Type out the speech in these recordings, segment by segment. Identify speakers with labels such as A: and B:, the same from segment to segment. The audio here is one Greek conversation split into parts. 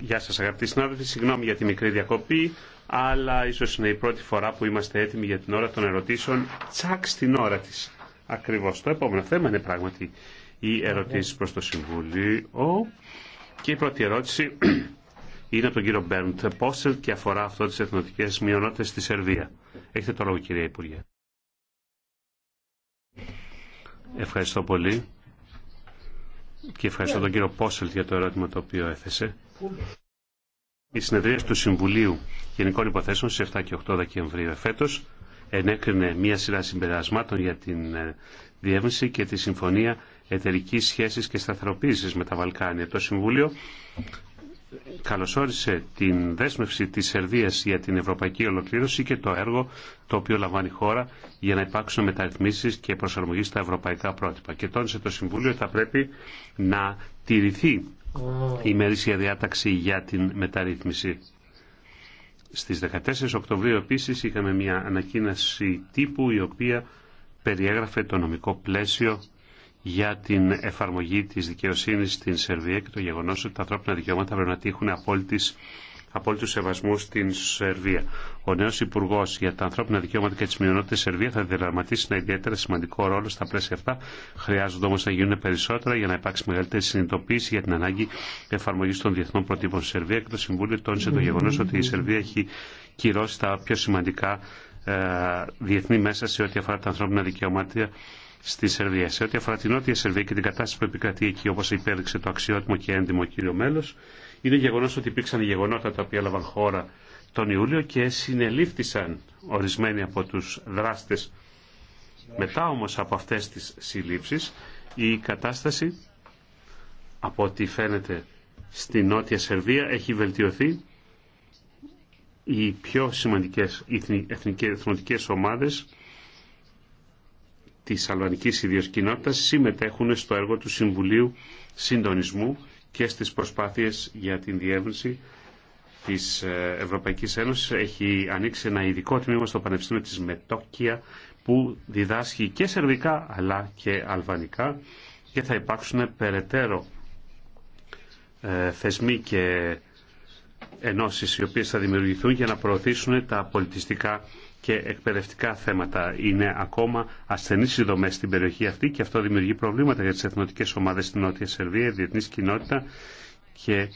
A: Γεια σας αγαπητοί συνάδελφοι, συγγνώμη για τη μικρή διακοπή, αλλά ίσως είναι η πρώτη φορά που είμαστε έτοιμοι για την ώρα των ερωτήσεων, τσακ στην ώρα της. Ακριβώς το επόμενο θέμα είναι πράγματι οι ερωτήσεις προς το Συμβούλιο. Και η πρώτη ερώτηση είναι από τον κύριο Μπέρντ Πόσελ και αφορά αυτό τις εθνοτικές μειονότητες στη Σερβία. Έχετε το λόγο κυρία Υπουργέ. Ευχαριστώ πολύ και ευχαριστώ τον κύριο Πόσελτ για το ερώτημα το οποίο έθεσε. Οι συνεδρία του Συμβουλίου Γενικών Υποθέσεων στις 7 και 8 Δεκεμβρίου εφέτος ενέκρινε μία σειρά συμπερασμάτων για την ε, διεύνηση και τη Συμφωνία Εταιρική Σχέσης και Σταθεροποίησης με τα Βαλκάνια. Το Συμβούλιο καλωσόρισε την δέσμευση της Σερβίας για την ευρωπαϊκή ολοκλήρωση και το έργο το οποίο λαμβάνει η χώρα για να υπάρξουν μεταρρυθμίσεις και προσαρμογή στα ευρωπαϊκά πρότυπα. Και τόνισε το Συμβούλιο ότι θα πρέπει να τηρηθεί η ημερήσια διάταξη για την μεταρρύθμιση. Στις 14 Οκτωβρίου επίσης είχαμε μια ανακοίνωση τύπου η οποία περιέγραφε το νομικό πλαίσιο για την εφαρμογή της δικαιοσύνης στην Σερβία και το γεγονός ότι τα ανθρώπινα δικαιώματα πρέπει να τύχουν απόλυτης απόλυτου σεβασμού στην Σερβία. Ο νέο Υπουργό για τα ανθρώπινα δικαιώματα και τι μειονότητε στη Σερβία θα διδραματίσει ένα ιδιαίτερα σημαντικό ρόλο στα πλαίσια αυτά. Χρειάζονται όμω να γίνουν περισσότερα για να υπάρξει μεγαλύτερη συνειδητοποίηση για την ανάγκη εφαρμογή των διεθνών προτύπων στη Σερβία και το Συμβούλιο τόνισε το γεγονό ότι η Σερβία έχει κυρώσει τα πιο σημαντικά ε, διεθνή μέσα σε ό,τι αφορά τα ανθρώπινα δικαιώματα στη Σερβία. Σε ό,τι αφορά την Νότια Σερβία και την κατάσταση που επικρατεί εκεί, όπω υπέδειξε το αξιότιμο και έντιμο κύριο μέλο, είναι γεγονό ότι υπήρξαν γεγονότα τα οποία έλαβαν χώρα τον Ιούλιο και συνελήφθησαν ορισμένοι από του δράστε. Μετά όμω από αυτέ τι συλλήψει, η κατάσταση, από ό,τι φαίνεται στη Νότια Σερβία, έχει βελτιωθεί. Οι πιο σημαντικές εθνικές ομάδες της αλβανικής ιδίως κοινότητας συμμετέχουν στο έργο του Συμβουλίου Συντονισμού και στις προσπάθειες για την διεύρυνση της ε, Ευρωπαϊκής Ένωσης. Έχει ανοίξει ένα ειδικό τμήμα στο Πανεπιστήμιο της Μετόκια που διδάσκει και σερβικά αλλά και αλβανικά και θα υπάρξουν περαιτέρω ε, θεσμοί και ενώσεις οι οποίες θα δημιουργηθούν για να προωθήσουν τα πολιτιστικά και εκπαιδευτικά θέματα. Είναι ακόμα ασθενεί οι δομέ στην περιοχή αυτή και αυτό δημιουργεί προβλήματα για τι εθνοτικέ ομάδε στην Νότια Σερβία, η διεθνή κοινότητα και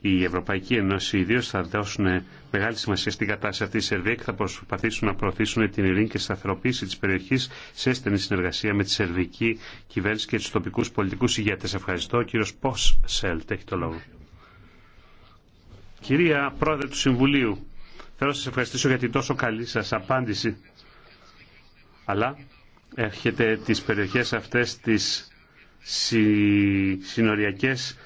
A: η Ευρωπαϊκή Ένωση ιδίω θα δώσουν μεγάλη σημασία στην κατάσταση αυτή τη Σερβία και θα προσπαθήσουν να προωθήσουν την ειρήνη και σταθεροποίηση τη περιοχή σε στενή συνεργασία με τη σερβική κυβέρνηση και του τοπικού πολιτικού ηγέτε. Ευχαριστώ. Ο κύριο Πόσσελτ έχει το λόγο. Κυρία Πρόεδρε του Συμβουλίου, Θέλω να σας ευχαριστήσω για την τόσο καλή σας απάντηση. Αλλά έρχεται τις περιοχές αυτές τις συ... συνοριακές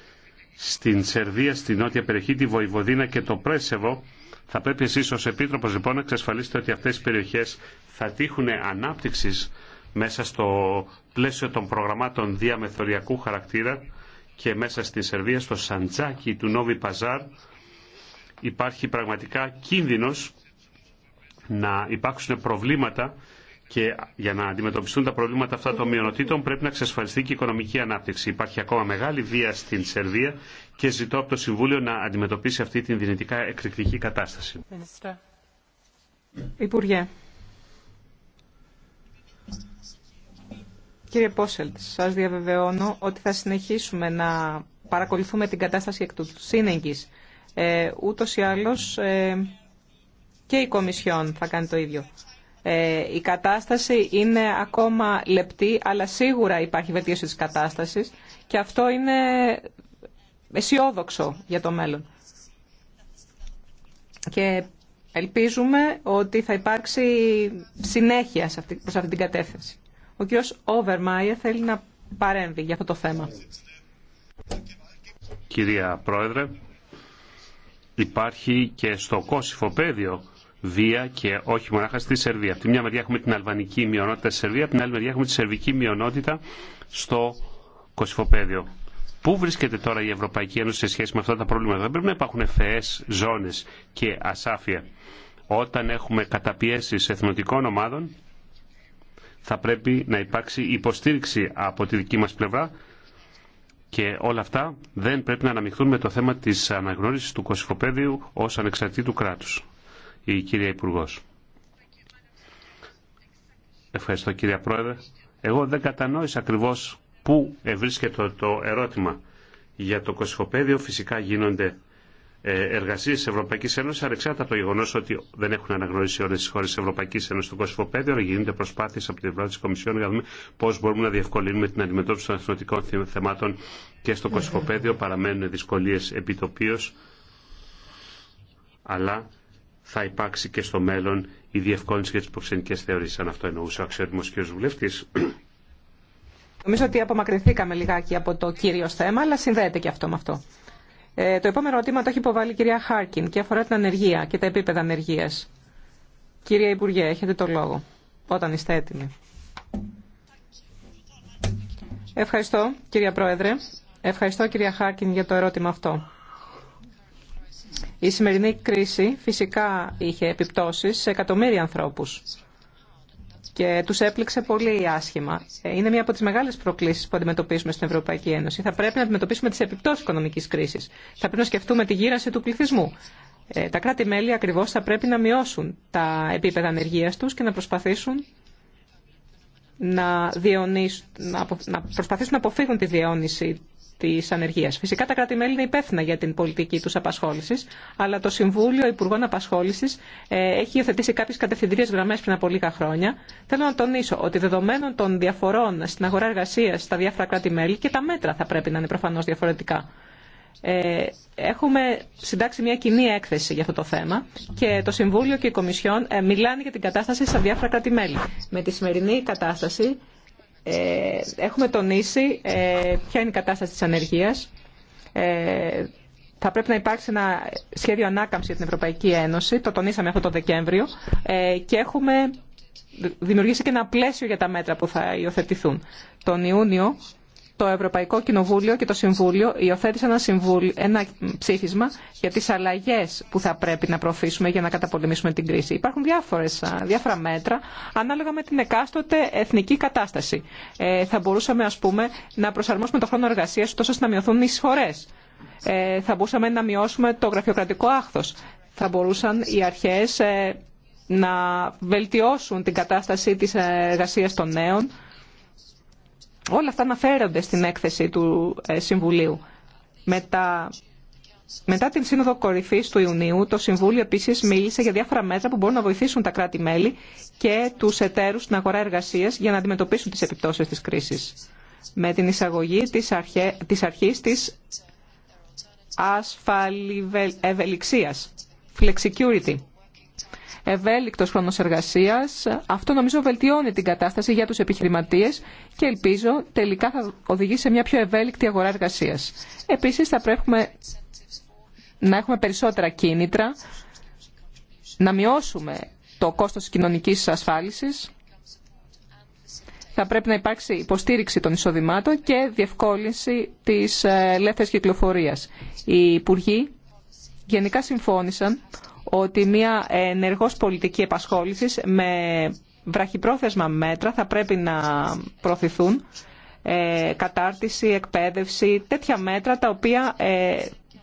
A: στην Σερβία, στην νότια περιοχή, τη Βοηβοδίνα και το Πρέσεβο. Θα πρέπει εσείς ως Επίτροπος λοιπόν να εξασφαλίσετε ότι αυτές οι περιοχές θα τύχουν ανάπτυξης μέσα στο πλαίσιο των προγραμμάτων διαμεθοριακού χαρακτήρα και μέσα στη Σερβία, στο Σαντζάκι του Νόβι Παζάρ, υπάρχει πραγματικά κίνδυνος να υπάρξουν προβλήματα και για να αντιμετωπιστούν τα προβλήματα αυτά των μειονοτήτων πρέπει να εξασφαλιστεί και η οικονομική ανάπτυξη. Υπάρχει ακόμα μεγάλη βία στην Σερβία και ζητώ από το Συμβούλιο να αντιμετωπίσει αυτή την δυνητικά εκρηκτική κατάσταση.
B: Υπουργέ. Κύριε Πόσελτ, σας διαβεβαιώνω ότι θα συνεχίσουμε να παρακολουθούμε την κατάσταση εκ του σύνεγγης ε, ούτως ή άλλως ε, και η Κομισιόν θα κάνει το ίδιο. Ε, η κατάσταση είναι ακόμα λεπτή, αλλά σίγουρα υπάρχει βελτίωση της κατάστασης και αυτό είναι αισιόδοξο για το μέλλον. Και ελπίζουμε ότι θα υπάρξει συνέχεια σε αυτή, προς αυτή την κατεύθυνση. Ο κύριος Όβερμαϊερ θέλει να παρέμβει για αυτό το θέμα.
A: Κυρία Πρόεδρε, υπάρχει και στο Κωσυφοπαίδιο βία και όχι μονάχα στη Σερβία. Από τη μια μεριά έχουμε την αλβανική μειονότητα στη Σερβία, από την άλλη μεριά έχουμε τη σερβική μειονότητα στο Κωσυφοπαίδιο. Πού βρίσκεται τώρα η Ευρωπαϊκή Ένωση σε σχέση με αυτά τα προβλήματα. Δεν πρέπει να υπάρχουν φαιές ζώνες και ασάφεια. Όταν έχουμε καταπιέσεις εθνοτικών ομάδων, θα πρέπει να υπάρξει υποστήριξη από τη δική μας πλευρά και όλα αυτά δεν πρέπει να αναμειχθούν με το θέμα της αναγνώρισης του Κωσυφοπέδιου ως ανεξαρτήτου κράτους. Η κυρία Υπουργό. Ευχαριστώ κυρία Πρόεδρε. Εγώ δεν κατανόησα ακριβώ πού ευρίσκεται το ερώτημα. Για το Κωσυφοπέδιο φυσικά γίνονται ε, εργασίε τη Ευρωπαϊκή Ένωση, ανεξάρτητα από το γεγονό ότι δεν έχουν αναγνωρίσει όλε τι χώρε τη Ευρωπαϊκή Ένωση του Κωσυφοπέδιο, αλλά γίνονται προσπάθειε από την πλευρά τη Κομισιόν για να δούμε πώ μπορούμε να διευκολύνουμε την αντιμετώπιση των αθλητικών θεμάτων και στο Κωσυφοπέδιο. Παραμένουν δυσκολίε επιτοπίω, αλλά θα υπάρξει και στο μέλλον η διευκόλυνση για τι προξενικέ θεωρήσει. Αν αυτό εννοούσε ο αξιότιμο κ. Βουλευτή.
B: Νομίζω ότι απομακρυνθήκαμε λιγάκι από το κύριο θέμα, αλλά συνδέεται και αυτό με αυτό. Ε, το επόμενο ερώτημα το έχει υποβάλει η κυρία Χάρκιν και αφορά την ανεργία και τα επίπεδα ανεργίας. Κυρία Υπουργέ, έχετε το λόγο, όταν είστε έτοιμοι. Ευχαριστώ, κυρία Πρόεδρε. Ευχαριστώ, κυρία Χάρκιν, για το ερώτημα αυτό. Η σημερινή κρίση φυσικά είχε επιπτώσεις σε εκατομμύρια ανθρώπους και τους έπληξε πολύ άσχημα. Ε, είναι μία από τις μεγάλες προκλήσεις που αντιμετωπίζουμε στην Ευρωπαϊκή Ένωση. Θα πρέπει να αντιμετωπίσουμε τις επιπτώσεις οικονομική κρίσης. Θα πρέπει να σκεφτούμε τη γύρανση του πληθυσμού. Ε, τα κράτη-μέλη ακριβώς θα πρέπει να μειώσουν τα επίπεδα ενεργείας τους και να προσπαθήσουν να, να προσπαθήσουν να αποφύγουν τη διαιώνιση τη ανεργία. Φυσικά τα κράτη-μέλη είναι υπεύθυνα για την πολιτική του απασχόληση, αλλά το Συμβούλιο Υπουργών Απασχόληση ε, έχει υιοθετήσει κάποιε κατευθυντήριε γραμμέ πριν από λίγα χρόνια. Θέλω να τονίσω ότι δεδομένων των διαφορών στην αγορά εργασία στα διάφορα κράτη-μέλη και τα μέτρα θα πρέπει να είναι προφανώ διαφορετικά. Ε, έχουμε συντάξει μια κοινή έκθεση για αυτό το θέμα και το Συμβούλιο και η Κομισιόν ε, μιλάνε για την κατάσταση στα διάφορα κράτη-μέλη. Με τη σημερινή κατάσταση ε, έχουμε τονίσει ε, ποια είναι η κατάσταση της ανεργίας. Ε, θα πρέπει να υπάρξει ένα σχέδιο ανάκαμψη για την Ευρωπαϊκή Ένωση. Το τονίσαμε αυτό το Δεκέμβριο. Ε, και έχουμε δημιουργήσει και ένα πλαίσιο για τα μέτρα που θα υιοθετηθούν. Τον Ιούνιο το Ευρωπαϊκό Κοινοβούλιο και το Συμβούλιο υιοθέτησαν ένα, ψήφισμα για τις αλλαγές που θα πρέπει να προωθήσουμε για να καταπολεμήσουμε την κρίση. Υπάρχουν διάφορες, διάφορα μέτρα ανάλογα με την εκάστοτε εθνική κατάσταση. Ε, θα μπορούσαμε ας πούμε να προσαρμόσουμε το χρόνο εργασίας τόσο ώστε να μειωθούν οι συσφορές. Ε, θα μπορούσαμε να μειώσουμε το γραφειοκρατικό άχθος. Θα μπορούσαν οι αρχές ε, να βελτιώσουν την κατάσταση της εργασίας των νέων Όλα αυτά αναφέρονται στην έκθεση του ε, Συμβουλίου. Μετά, μετά την Σύνοδο Κορυφή του Ιουνίου, το Συμβούλιο επίση μίλησε για διάφορα μέτρα που μπορούν να βοηθήσουν τα κράτη-μέλη και του εταίρου στην αγορά εργασία για να αντιμετωπίσουν τι επιπτώσει τη κρίση. Με την εισαγωγή τη αρχή τη ασφαλη ευελιξία, flexicurity ευέλικτος χρόνο εργασία, Αυτό νομίζω βελτιώνει την κατάσταση για τους επιχειρηματίε και ελπίζω τελικά θα οδηγήσει σε μια πιο ευέλικτη αγορά εργασίας. Επίσης θα πρέπει να έχουμε περισσότερα κίνητρα, να μειώσουμε το κόστος της κοινωνικής ασφάλισης, θα πρέπει να υπάρξει υποστήριξη των εισοδημάτων και διευκόλυνση της ε, ελεύθερης κυκλοφορίας. Οι Υπουργοί γενικά συμφώνησαν ότι μια ενεργός πολιτική επασχόλησης με βραχυπρόθεσμα μέτρα θα πρέπει να προωθηθούν ε, κατάρτιση, εκπαίδευση, τέτοια μέτρα τα οποία ε,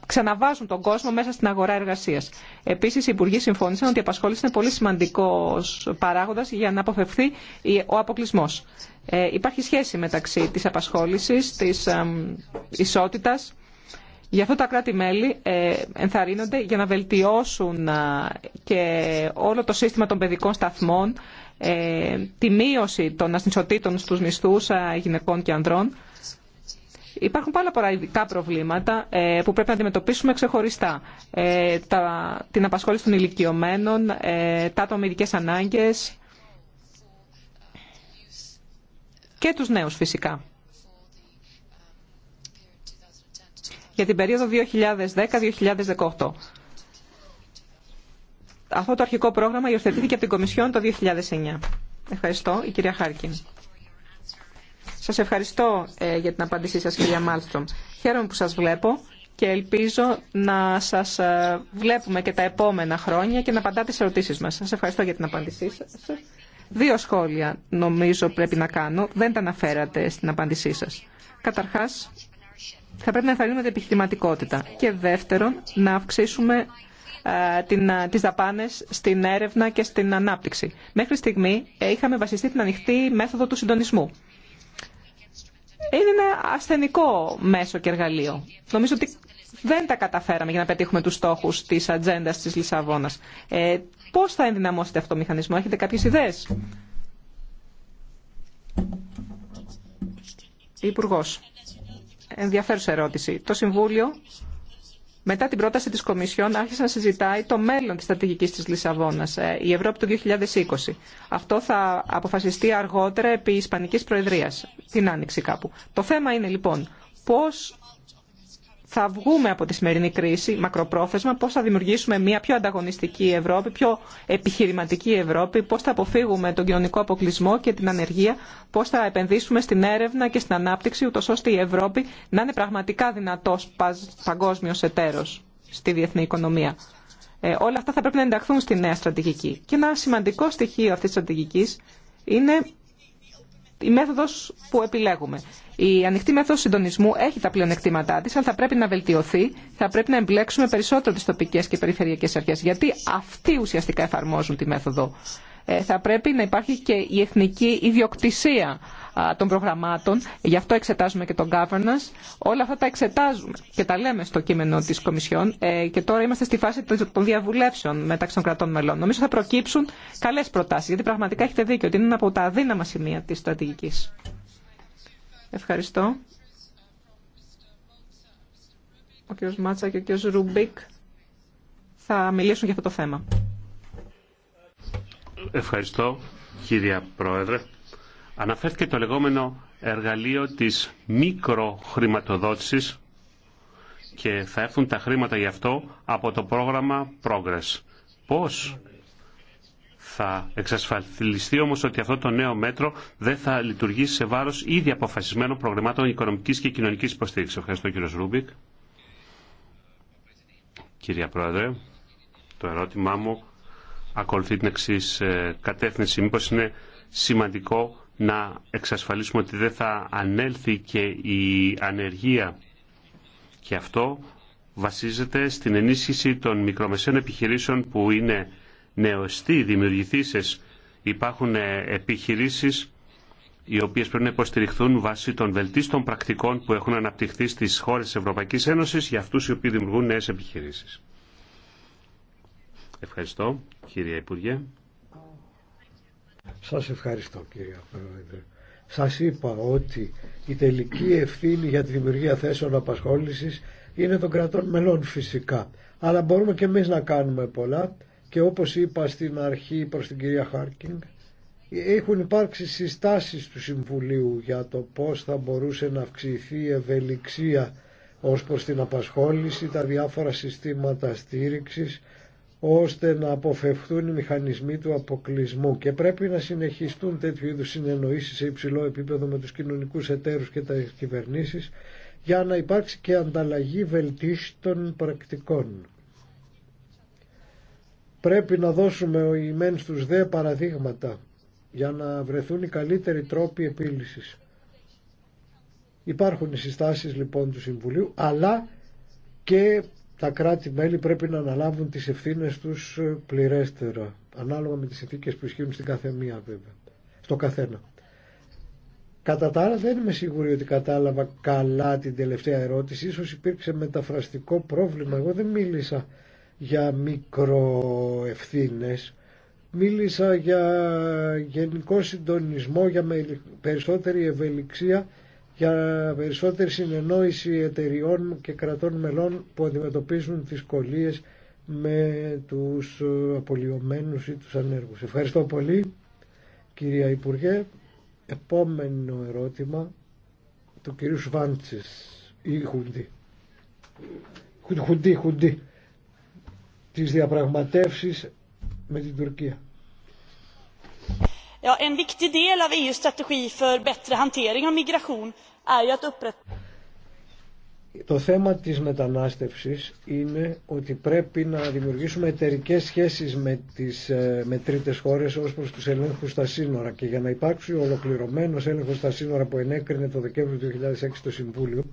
B: ξαναβάζουν τον κόσμο μέσα στην αγορά εργασία. Επίση, οι υπουργοί συμφώνησαν ότι η απασχόληση είναι πολύ σημαντικό παράγοντα για να αποφευθεί ο αποκλεισμό. Ε, υπάρχει σχέση μεταξύ τη απασχόληση, τη ε, ισότητα Γι' αυτό τα κράτη-μέλη ε, ενθαρρύνονται για να βελτιώσουν ε, και όλο το σύστημα των παιδικών σταθμών, ε, τη μείωση των ασυνσοτήτων στους μισθούς γυναικών και ανδρών. Υπάρχουν πάρα πολλά ειδικά προβλήματα που πρέπει να αντιμετωπίσουμε ξεχωριστά. Την απασχόληση των ηλικιωμένων, τα άτομα ανάγκες και τους νέους φυσικά. για την περίοδο 2010-2018. Αυτό το αρχικό πρόγραμμα υιοθετήθηκε από την Κομισιόν το 2009. Ευχαριστώ, η κυρία Χάρκιν. Σας ευχαριστώ ε, για την απάντησή σας, κυρία Μάλστρομ. Χαίρομαι που σας βλέπω και ελπίζω να σας ε, βλέπουμε και τα επόμενα χρόνια και να απαντάτε σε ερωτήσεις μας. Σας ευχαριστώ για την απάντησή σας. Δύο σχόλια νομίζω πρέπει να κάνω. Δεν τα αναφέρατε στην απάντησή σας. Καταρχά θα πρέπει να ενθαρρύνουμε την επιχειρηματικότητα. Και δεύτερον, να αυξήσουμε ε, την, ε, τις δαπάνες στην έρευνα και στην ανάπτυξη. Μέχρι στιγμή ε, είχαμε βασιστεί την ανοιχτή μέθοδο του συντονισμού. Είναι ένα ασθενικό μέσο και εργαλείο. Νομίζω ότι δεν τα καταφέραμε για να πετύχουμε τους στόχους της ατζέντα της Λισαβόνας. Ε, πώς θα ενδυναμώσετε αυτό το μηχανισμό, έχετε κάποιες ιδέες. Υπουργός ενδιαφέρουσα ερώτηση. Το Συμβούλιο μετά την πρόταση της Κομισιόν άρχισε να συζητάει το μέλλον της στρατηγικής της Λισαβόνας, ε, η Ευρώπη του 2020. Αυτό θα αποφασιστεί αργότερα επί Ισπανικής Προεδρίας, την Άνοιξη κάπου. Το θέμα είναι λοιπόν πώς θα βγούμε από τη σημερινή κρίση μακροπρόθεσμα, πώς θα δημιουργήσουμε μια πιο ανταγωνιστική Ευρώπη, πιο επιχειρηματική Ευρώπη, πώς θα αποφύγουμε τον κοινωνικό αποκλεισμό και την ανεργία, πώς θα επενδύσουμε στην έρευνα και στην ανάπτυξη, ούτως ώστε η Ευρώπη να είναι πραγματικά δυνατός παγκόσμιος εταίρος στη διεθνή οικονομία. Ε, όλα αυτά θα πρέπει να ενταχθούν στη νέα στρατηγική. Και ένα σημαντικό στοιχείο αυτής της στρατηγικής είναι η μέθοδος που επιλέγουμε. Η ανοιχτή μέθοδος συντονισμού έχει τα πλεονεκτήματά της, αλλά θα πρέπει να βελτιωθεί, θα πρέπει να εμπλέξουμε περισσότερο τι τοπικέ και περιφερειακές αρχές, γιατί αυτοί ουσιαστικά εφαρμόζουν τη μέθοδο. Ε, θα πρέπει να υπάρχει και η εθνική ιδιοκτησία των προγραμμάτων, γι' αυτό εξετάζουμε και τον governance. Όλα αυτά τα εξετάζουμε και τα λέμε στο κείμενο τη Κομισιόν ε, και τώρα είμαστε στη φάση των διαβουλεύσεων μεταξύ των κρατών μελών. Νομίζω θα προκύψουν καλέ προτάσει, γιατί πραγματικά έχετε δίκιο ότι είναι ένα από τα αδύναμα σημεία τη στρατηγική. Ευχαριστώ. Ο κ. Μάτσα και ο κ. Ρουμπίκ θα μιλήσουν για αυτό το θέμα.
A: Ευχαριστώ, κύρια Πρόεδρε. Αναφέρθηκε το λεγόμενο εργαλείο της μικροχρηματοδότησης και θα έρθουν τα χρήματα γι' αυτό από το πρόγραμμα Progress. Πώς θα εξασφαλιστεί όμως ότι αυτό το νέο μέτρο δεν θα λειτουργήσει σε βάρος ήδη αποφασισμένων προγραμμάτων οικονομικής και κοινωνικής υποστήριξης. Ευχαριστώ κύριο Ρούμπικ. Κυρία Πρόεδρε, το ερώτημά μου ακολουθεί την εξή ε, κατεύθυνση. Μήπως είναι σημαντικό να εξασφαλίσουμε ότι δεν θα ανέλθει και η ανεργία. Και αυτό βασίζεται στην ενίσχυση των μικρομεσαίων επιχειρήσεων που είναι νεοστοί, δημιουργηθήσεις. Υπάρχουν ε, επιχειρήσεις οι οποίες πρέπει να υποστηριχθούν βάσει των βελτίστων πρακτικών που έχουν αναπτυχθεί στις χώρες της Ευρωπαϊκής Ένωσης για αυτούς οι οποίοι δημιουργούν νέες επιχειρήσεις. Ευχαριστώ, κύριε Υπουργέ.
C: Σας ευχαριστώ κύριε Πρόεδρε. Σας είπα ότι η τελική ευθύνη για τη δημιουργία θέσεων απασχόλησης είναι των κρατών μελών φυσικά. Αλλά μπορούμε και εμείς να κάνουμε πολλά και όπως είπα στην αρχή προς την κυρία Χάρκινγκ έχουν υπάρξει συστάσεις του Συμβουλίου για το πώς θα μπορούσε να αυξηθεί η ευελιξία ως προς την απασχόληση, τα διάφορα συστήματα στήριξης ώστε να αποφευθούν οι μηχανισμοί του αποκλεισμού και πρέπει να συνεχιστούν τέτοιου είδους συνεννοήσεις σε υψηλό επίπεδο με τους κοινωνικούς εταίρους και τα κυβερνήσεις για να υπάρξει και ανταλλαγή βελτίστων πρακτικών. Πρέπει να δώσουμε ο ημέν στους δε παραδείγματα για να βρεθούν οι καλύτεροι τρόποι επίλυσης. Υπάρχουν οι συστάσεις λοιπόν του Συμβουλίου αλλά και τα κράτη-μέλη πρέπει να αναλάβουν τις ευθύνες τους ε, πληρέστερα, ανάλογα με τις συνθήκε που ισχύουν στην καθεμία βέβαια, στο καθένα. Κατά τα άλλα δεν είμαι σίγουροι ότι κατάλαβα καλά την τελευταία ερώτηση, ίσως υπήρξε μεταφραστικό πρόβλημα, εγώ δεν μίλησα για μικροευθύνες, μίλησα για γενικό συντονισμό, για περισσότερη ευελιξία για περισσότερη συνεννόηση εταιριών και κρατών μελών που αντιμετωπίζουν δυσκολίε με τους απολυωμένους ή τους ανέργους. Ευχαριστώ πολύ κυρία Υπουργέ. Επόμενο ερώτημα του κυρίου Σβάντσης ή Χουντή. Χουντή, Χουντή. Τις διαπραγματεύσεις με την Τουρκία το θέμα της μετανάστευσης είναι ότι πρέπει να δημιουργήσουμε εταιρικές σχέσεις με τις ε, με τρίτες χώρες ως προς τους ελέγχους στα σύνορα και για να υπάρξει ολοκληρωμένος έλεγχος στα σύνορα που ενέκρινε το Δεκέμβριο 2006 το Συμβούλιο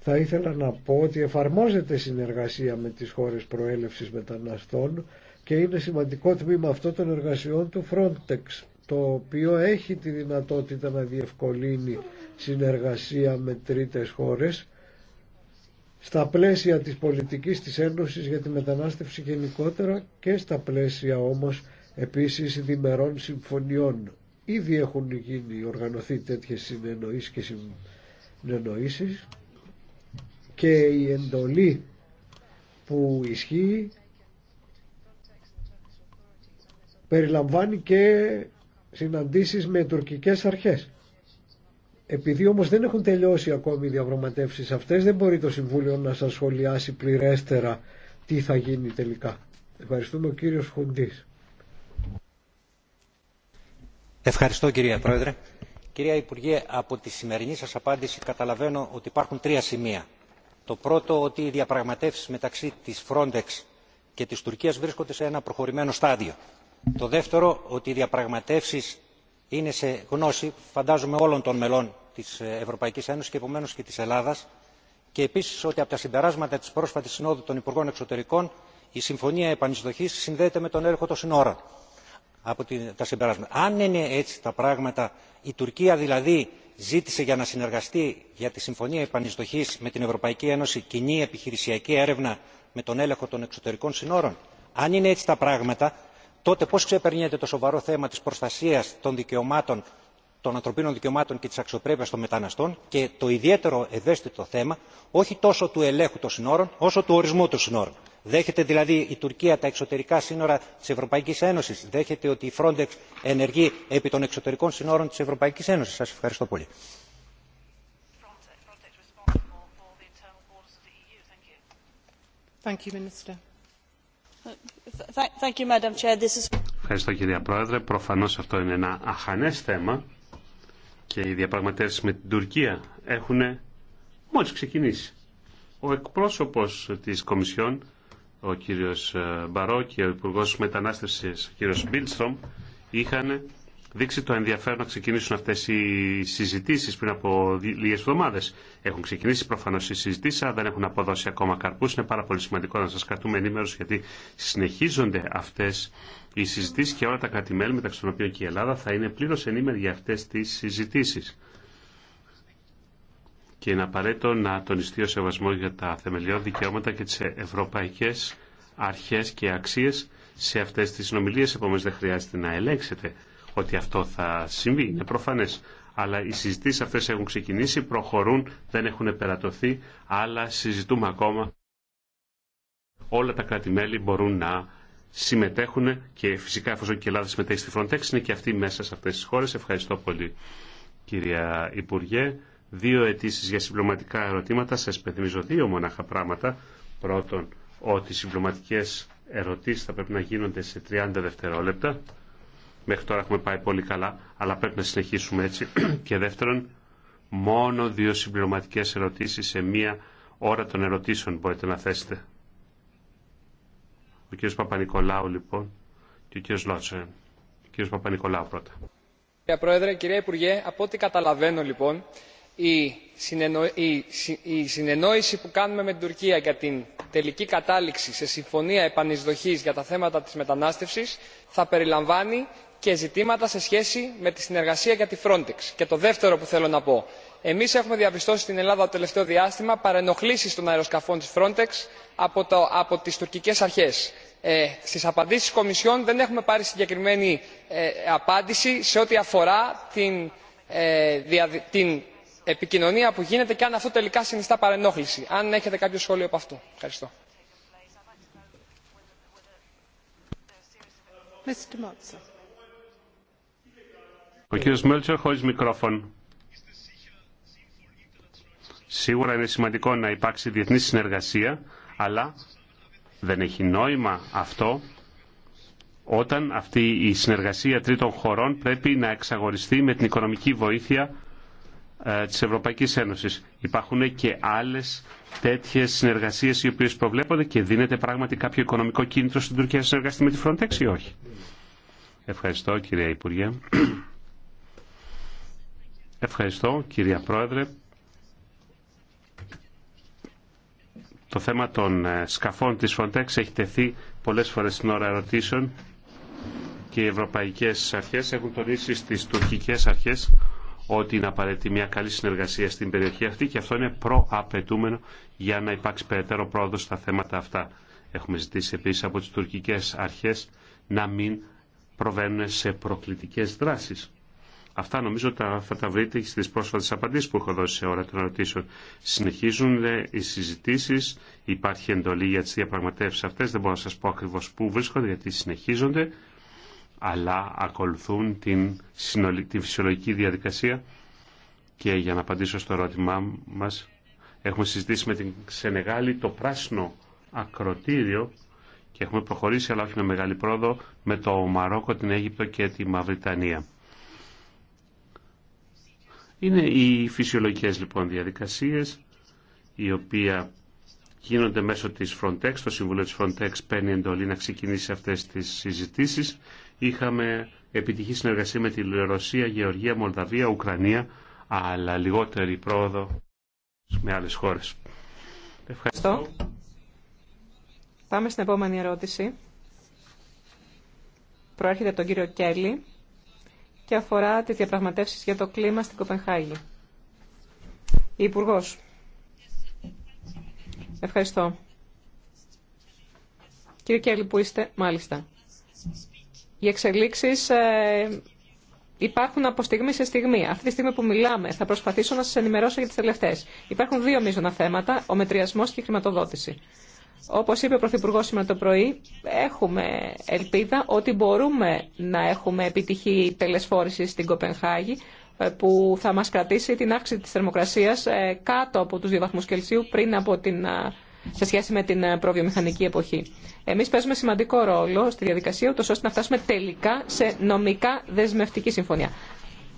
C: θα ήθελα να πω ότι εφαρμόζεται συνεργασία με τις χώρες προέλευσης μεταναστών και είναι σημαντικό τμήμα αυτό των εργασιών του Frontex το οποίο έχει τη δυνατότητα να διευκολύνει συνεργασία με τρίτες χώρες στα πλαίσια της πολιτικής της Ένωσης για τη μετανάστευση γενικότερα και στα πλαίσια όμως επίσης διμερών συμφωνιών. Ήδη έχουν γίνει, οργανωθεί τέτοιες συνεννοήσεις και συνεννοήσεις και η εντολή που ισχύει περιλαμβάνει και συναντήσεις με τουρκικές αρχές. Επειδή όμως δεν έχουν τελειώσει ακόμη οι διαπραγματεύσεις αυτές, δεν μπορεί το Συμβούλιο να σας σχολιάσει πληρέστερα τι θα γίνει τελικά. Ευχαριστούμε ο κύριος Χουντής.
D: Ευχαριστώ κυρία Πρόεδρε. Κυρία Υπουργέ, από τη σημερινή σας απάντηση καταλαβαίνω ότι υπάρχουν τρία σημεία. Το πρώτο ότι οι διαπραγματεύσεις μεταξύ της Frontex και της Τουρκίας βρίσκονται σε ένα προχωρημένο στάδιο το δεύτερο ότι οι διαπραγματεύσεις είναι σε γνώση φαντάζομαι όλων των μελών της ευρωπαϊκής ένωσης και επομένως και της ελλάδας και επίσης ότι από τα συμπεράσματα της πρόσφατης συνόδου των υπουργών εξωτερικών η συμφωνία επανεισδοχής συνδέεται με τον έλεγχο των συνόρων. Αν είναι έτσι τα πράγματα, η Τουρκία δηλαδή ζήτησε για να συνεργαστεί για τη συμφωνία επανεισδοχής με την Ευρωπαϊκή Ένωση κοινή επιχειρησιακή έρευνα με τον έλεγχο των εξωτερικών συνόρων. Αν είναι έτσι τα πράγματα, τότε πώ ξεπερνιέται το σοβαρό θέμα της προστασίας των δικαιωμάτων των ανθρωπίνων δικαιωμάτων και της αξιοπρέπειας των μεταναστών και το ιδιαίτερο ευαίσθητο θέμα όχι τόσο του ελέγχου των συνόρων όσο του ορισμού των συνόρων. δέχεται δηλαδή η τουρκία τα εξωτερικά σύνορα της ευρωπαϊκής ένωσης; δέχεται ότι η frontex ενεργεί επί των εξωτερικών συνόρων τη Ευρωπαϊκή Ένωση. Σα ευχαριστώ πολύ.
C: Uh,
A: Ευχαριστώ κυρία Πρόεδρε. Προφανώς αυτό είναι ένα αχανές θέμα και οι διαπραγματεύσεις με την Τουρκία έχουν μόλις ξεκινήσει. Ο εκπρόσωπος της Κομισιόν, ο κύριος ε, Μπαρό και ο Υπουργός Μετανάστευσης, ο κύριος Μπίλστρομ, είχαν δείξει το ενδιαφέρον να ξεκινήσουν αυτές οι συζητήσεις πριν από λίγες εβδομάδες. Έχουν ξεκινήσει προφανώς οι συζητήσεις, αλλά δεν έχουν αποδώσει ακόμα καρπούς. Είναι πάρα πολύ σημαντικό να σας κρατούμε ενήμερους γιατί συνεχίζονται αυτές οι συζητήσεις και όλα τα κρατημέλη μεταξύ των οποίων και η Ελλάδα θα είναι πλήρως ενήμεροι για αυτές τις συζητήσεις. Και είναι απαραίτητο να τονιστεί ο σεβασμό για τα θεμελιώδη δικαιώματα και τις ευρωπαϊκές αρχές και αξίες σε αυτές τις συνομιλίες, επομένως δεν χρειάζεται να ελέγξετε ότι αυτό θα συμβεί, είναι προφανές. Αλλά οι συζητήσεις αυτέ έχουν ξεκινήσει, προχωρούν, δεν έχουν περατωθεί, αλλά συζητούμε ακόμα. Όλα τα κράτη-μέλη μπορούν να συμμετέχουν και φυσικά εφόσον και η Ελλάδα συμμετέχει στη Frontex είναι και αυτή μέσα σε αυτές τις χώρες. Ευχαριστώ πολύ κυρία Υπουργέ. Δύο αιτήσει για συμπληρωματικά ερωτήματα. Σας πενθυμίζω δύο μονάχα πράγματα. Πρώτον, ότι οι συμπληρωματικές ερωτήσεις θα πρέπει να γίνονται σε 30 δευτερόλεπτα. Μέχρι τώρα έχουμε πάει πολύ καλά, αλλά πρέπει να συνεχίσουμε έτσι. Και δεύτερον, μόνο δύο συμπληρωματικές ερωτήσει σε μία ώρα των ερωτήσεων μπορείτε να θέσετε. Ο κ. Παπα-Νικολάου λοιπόν και ο κ. Λότσε. Κ. Παπα-Νικολάου πρώτα.
D: Κύριε Πρόεδρε, κύριε Υπουργέ, από ό,τι καταλαβαίνω λοιπόν, η, συνεννο... συνεννόηση που κάνουμε με την Τουρκία για την τελική κατάληξη σε συμφωνία επανεισδοχής για τα θέματα της μετανάστευσης θα περιλαμβάνει και ζητήματα σε σχέση με τη συνεργασία για τη frontex. και το δεύτερο που θέλω να πω εμείς έχουμε διαπιστώσει στην ελλάδα το τελευταίο διάστημα παρενοχλήσεις των αεροσκαφών της frontex από τις τουρκικές αρχές. Ε, στις απαντήσεις της κομισιόν δεν έχουμε πάρει συγκεκριμένη ε, απάντηση σε ό,τι αφορά ε, την επικοινωνία που γίνεται και αν αυτό τελικά συνιστά παρενόχληση. αν έχετε κάποιο σχόλιο από αυτού. ευχαριστώ.
A: Ο κύριος Μέλτσερ χωρίς μικρόφων. Σίγουρα είναι σημαντικό να υπάρξει διεθνή συνεργασία, αλλά δεν έχει νόημα αυτό όταν αυτή η συνεργασία τρίτων χωρών πρέπει να εξαγοριστεί με την οικονομική βοήθεια ε, της Ευρωπαϊκής Ένωσης. Υπάρχουν και άλλες τέτοιες συνεργασίες οι οποίες προβλέπονται και δίνεται πράγματι κάποιο οικονομικό κίνητρο στην Τουρκία να συνεργαστεί με τη Frontex ή όχι. Ευχαριστώ κυρία Υπουργέ. Ευχαριστώ κυρία Πρόεδρε. Το θέμα των ε, σκαφών της Frontex έχει τεθεί πολλές φορές στην ώρα ερωτήσεων και οι ευρωπαϊκές αρχές έχουν τονίσει στις τουρκικές αρχές ότι είναι απαραίτητη μια καλή συνεργασία στην περιοχή αυτή και αυτό είναι προαπαιτούμενο για να υπάρξει περαιτέρω πρόοδος στα θέματα αυτά. Έχουμε ζητήσει επίσης από τις τουρκικές αρχές να μην προβαίνουν σε προκλητικές δράσεις. Αυτά νομίζω τα, θα τα βρείτε και στις πρόσφατες απαντήσεις που έχω δώσει σε ώρα των ερωτήσεων. Συνεχίζουν οι συζητήσεις, υπάρχει εντολή για τις διαπραγματεύσεις αυτές, δεν μπορώ να σας πω ακριβώς πού βρίσκονται γιατί συνεχίζονται, αλλά ακολουθούν την, την φυσιολογική διαδικασία και για να απαντήσω στο ερώτημά μας έχουμε συζητήσει με την Σενεγάλη το πράσινο ακροτήριο και έχουμε προχωρήσει αλλά όχι με μεγάλη πρόοδο με το Μαρόκο, την Αίγυπτο και τη Μαυριτανία. Είναι οι φυσιολογικές λοιπόν διαδικασίες οι οποία γίνονται μέσω της Frontex. Το Συμβουλίο της Frontex παίρνει εντολή να ξεκινήσει αυτές τις συζητήσεις. Είχαμε επιτυχή συνεργασία με τη Ρωσία, Γεωργία, Μολδαβία, Ουκρανία, αλλά λιγότερη πρόοδο με άλλες χώρες. Ευχαριστώ.
B: Πάμε στην επόμενη ερώτηση. Προέρχεται από τον κύριο Κέλλη και αφορά τι διαπραγματεύσει για το κλίμα στην Κοπενχάγη. Υπουργό. Ευχαριστώ. Κύριε Κέλλη, που είστε, μάλιστα. Οι εξελίξεις ε, υπάρχουν από στιγμή σε στιγμή. Αυτή τη στιγμή που μιλάμε, θα προσπαθήσω να σα ενημερώσω για τις τελευταίες. Υπάρχουν δύο μείζωνα θέματα, ο μετριασμός και η χρηματοδότηση. Όπως είπε ο Πρωθυπουργό σήμερα το πρωί, έχουμε ελπίδα ότι μπορούμε να έχουμε επιτυχή τελεσφόρηση στην Κοπενχάγη ε, που θα μας κρατήσει την αύξηση της θερμοκρασίας ε, κάτω από τους 2 βαθμούς Κελσίου πριν από την, ε, σε σχέση με την προβιομηχανική εποχή. Εμείς παίζουμε σημαντικό ρόλο στη διαδικασία ούτως ώστε να φτάσουμε τελικά σε νομικά δεσμευτική συμφωνία.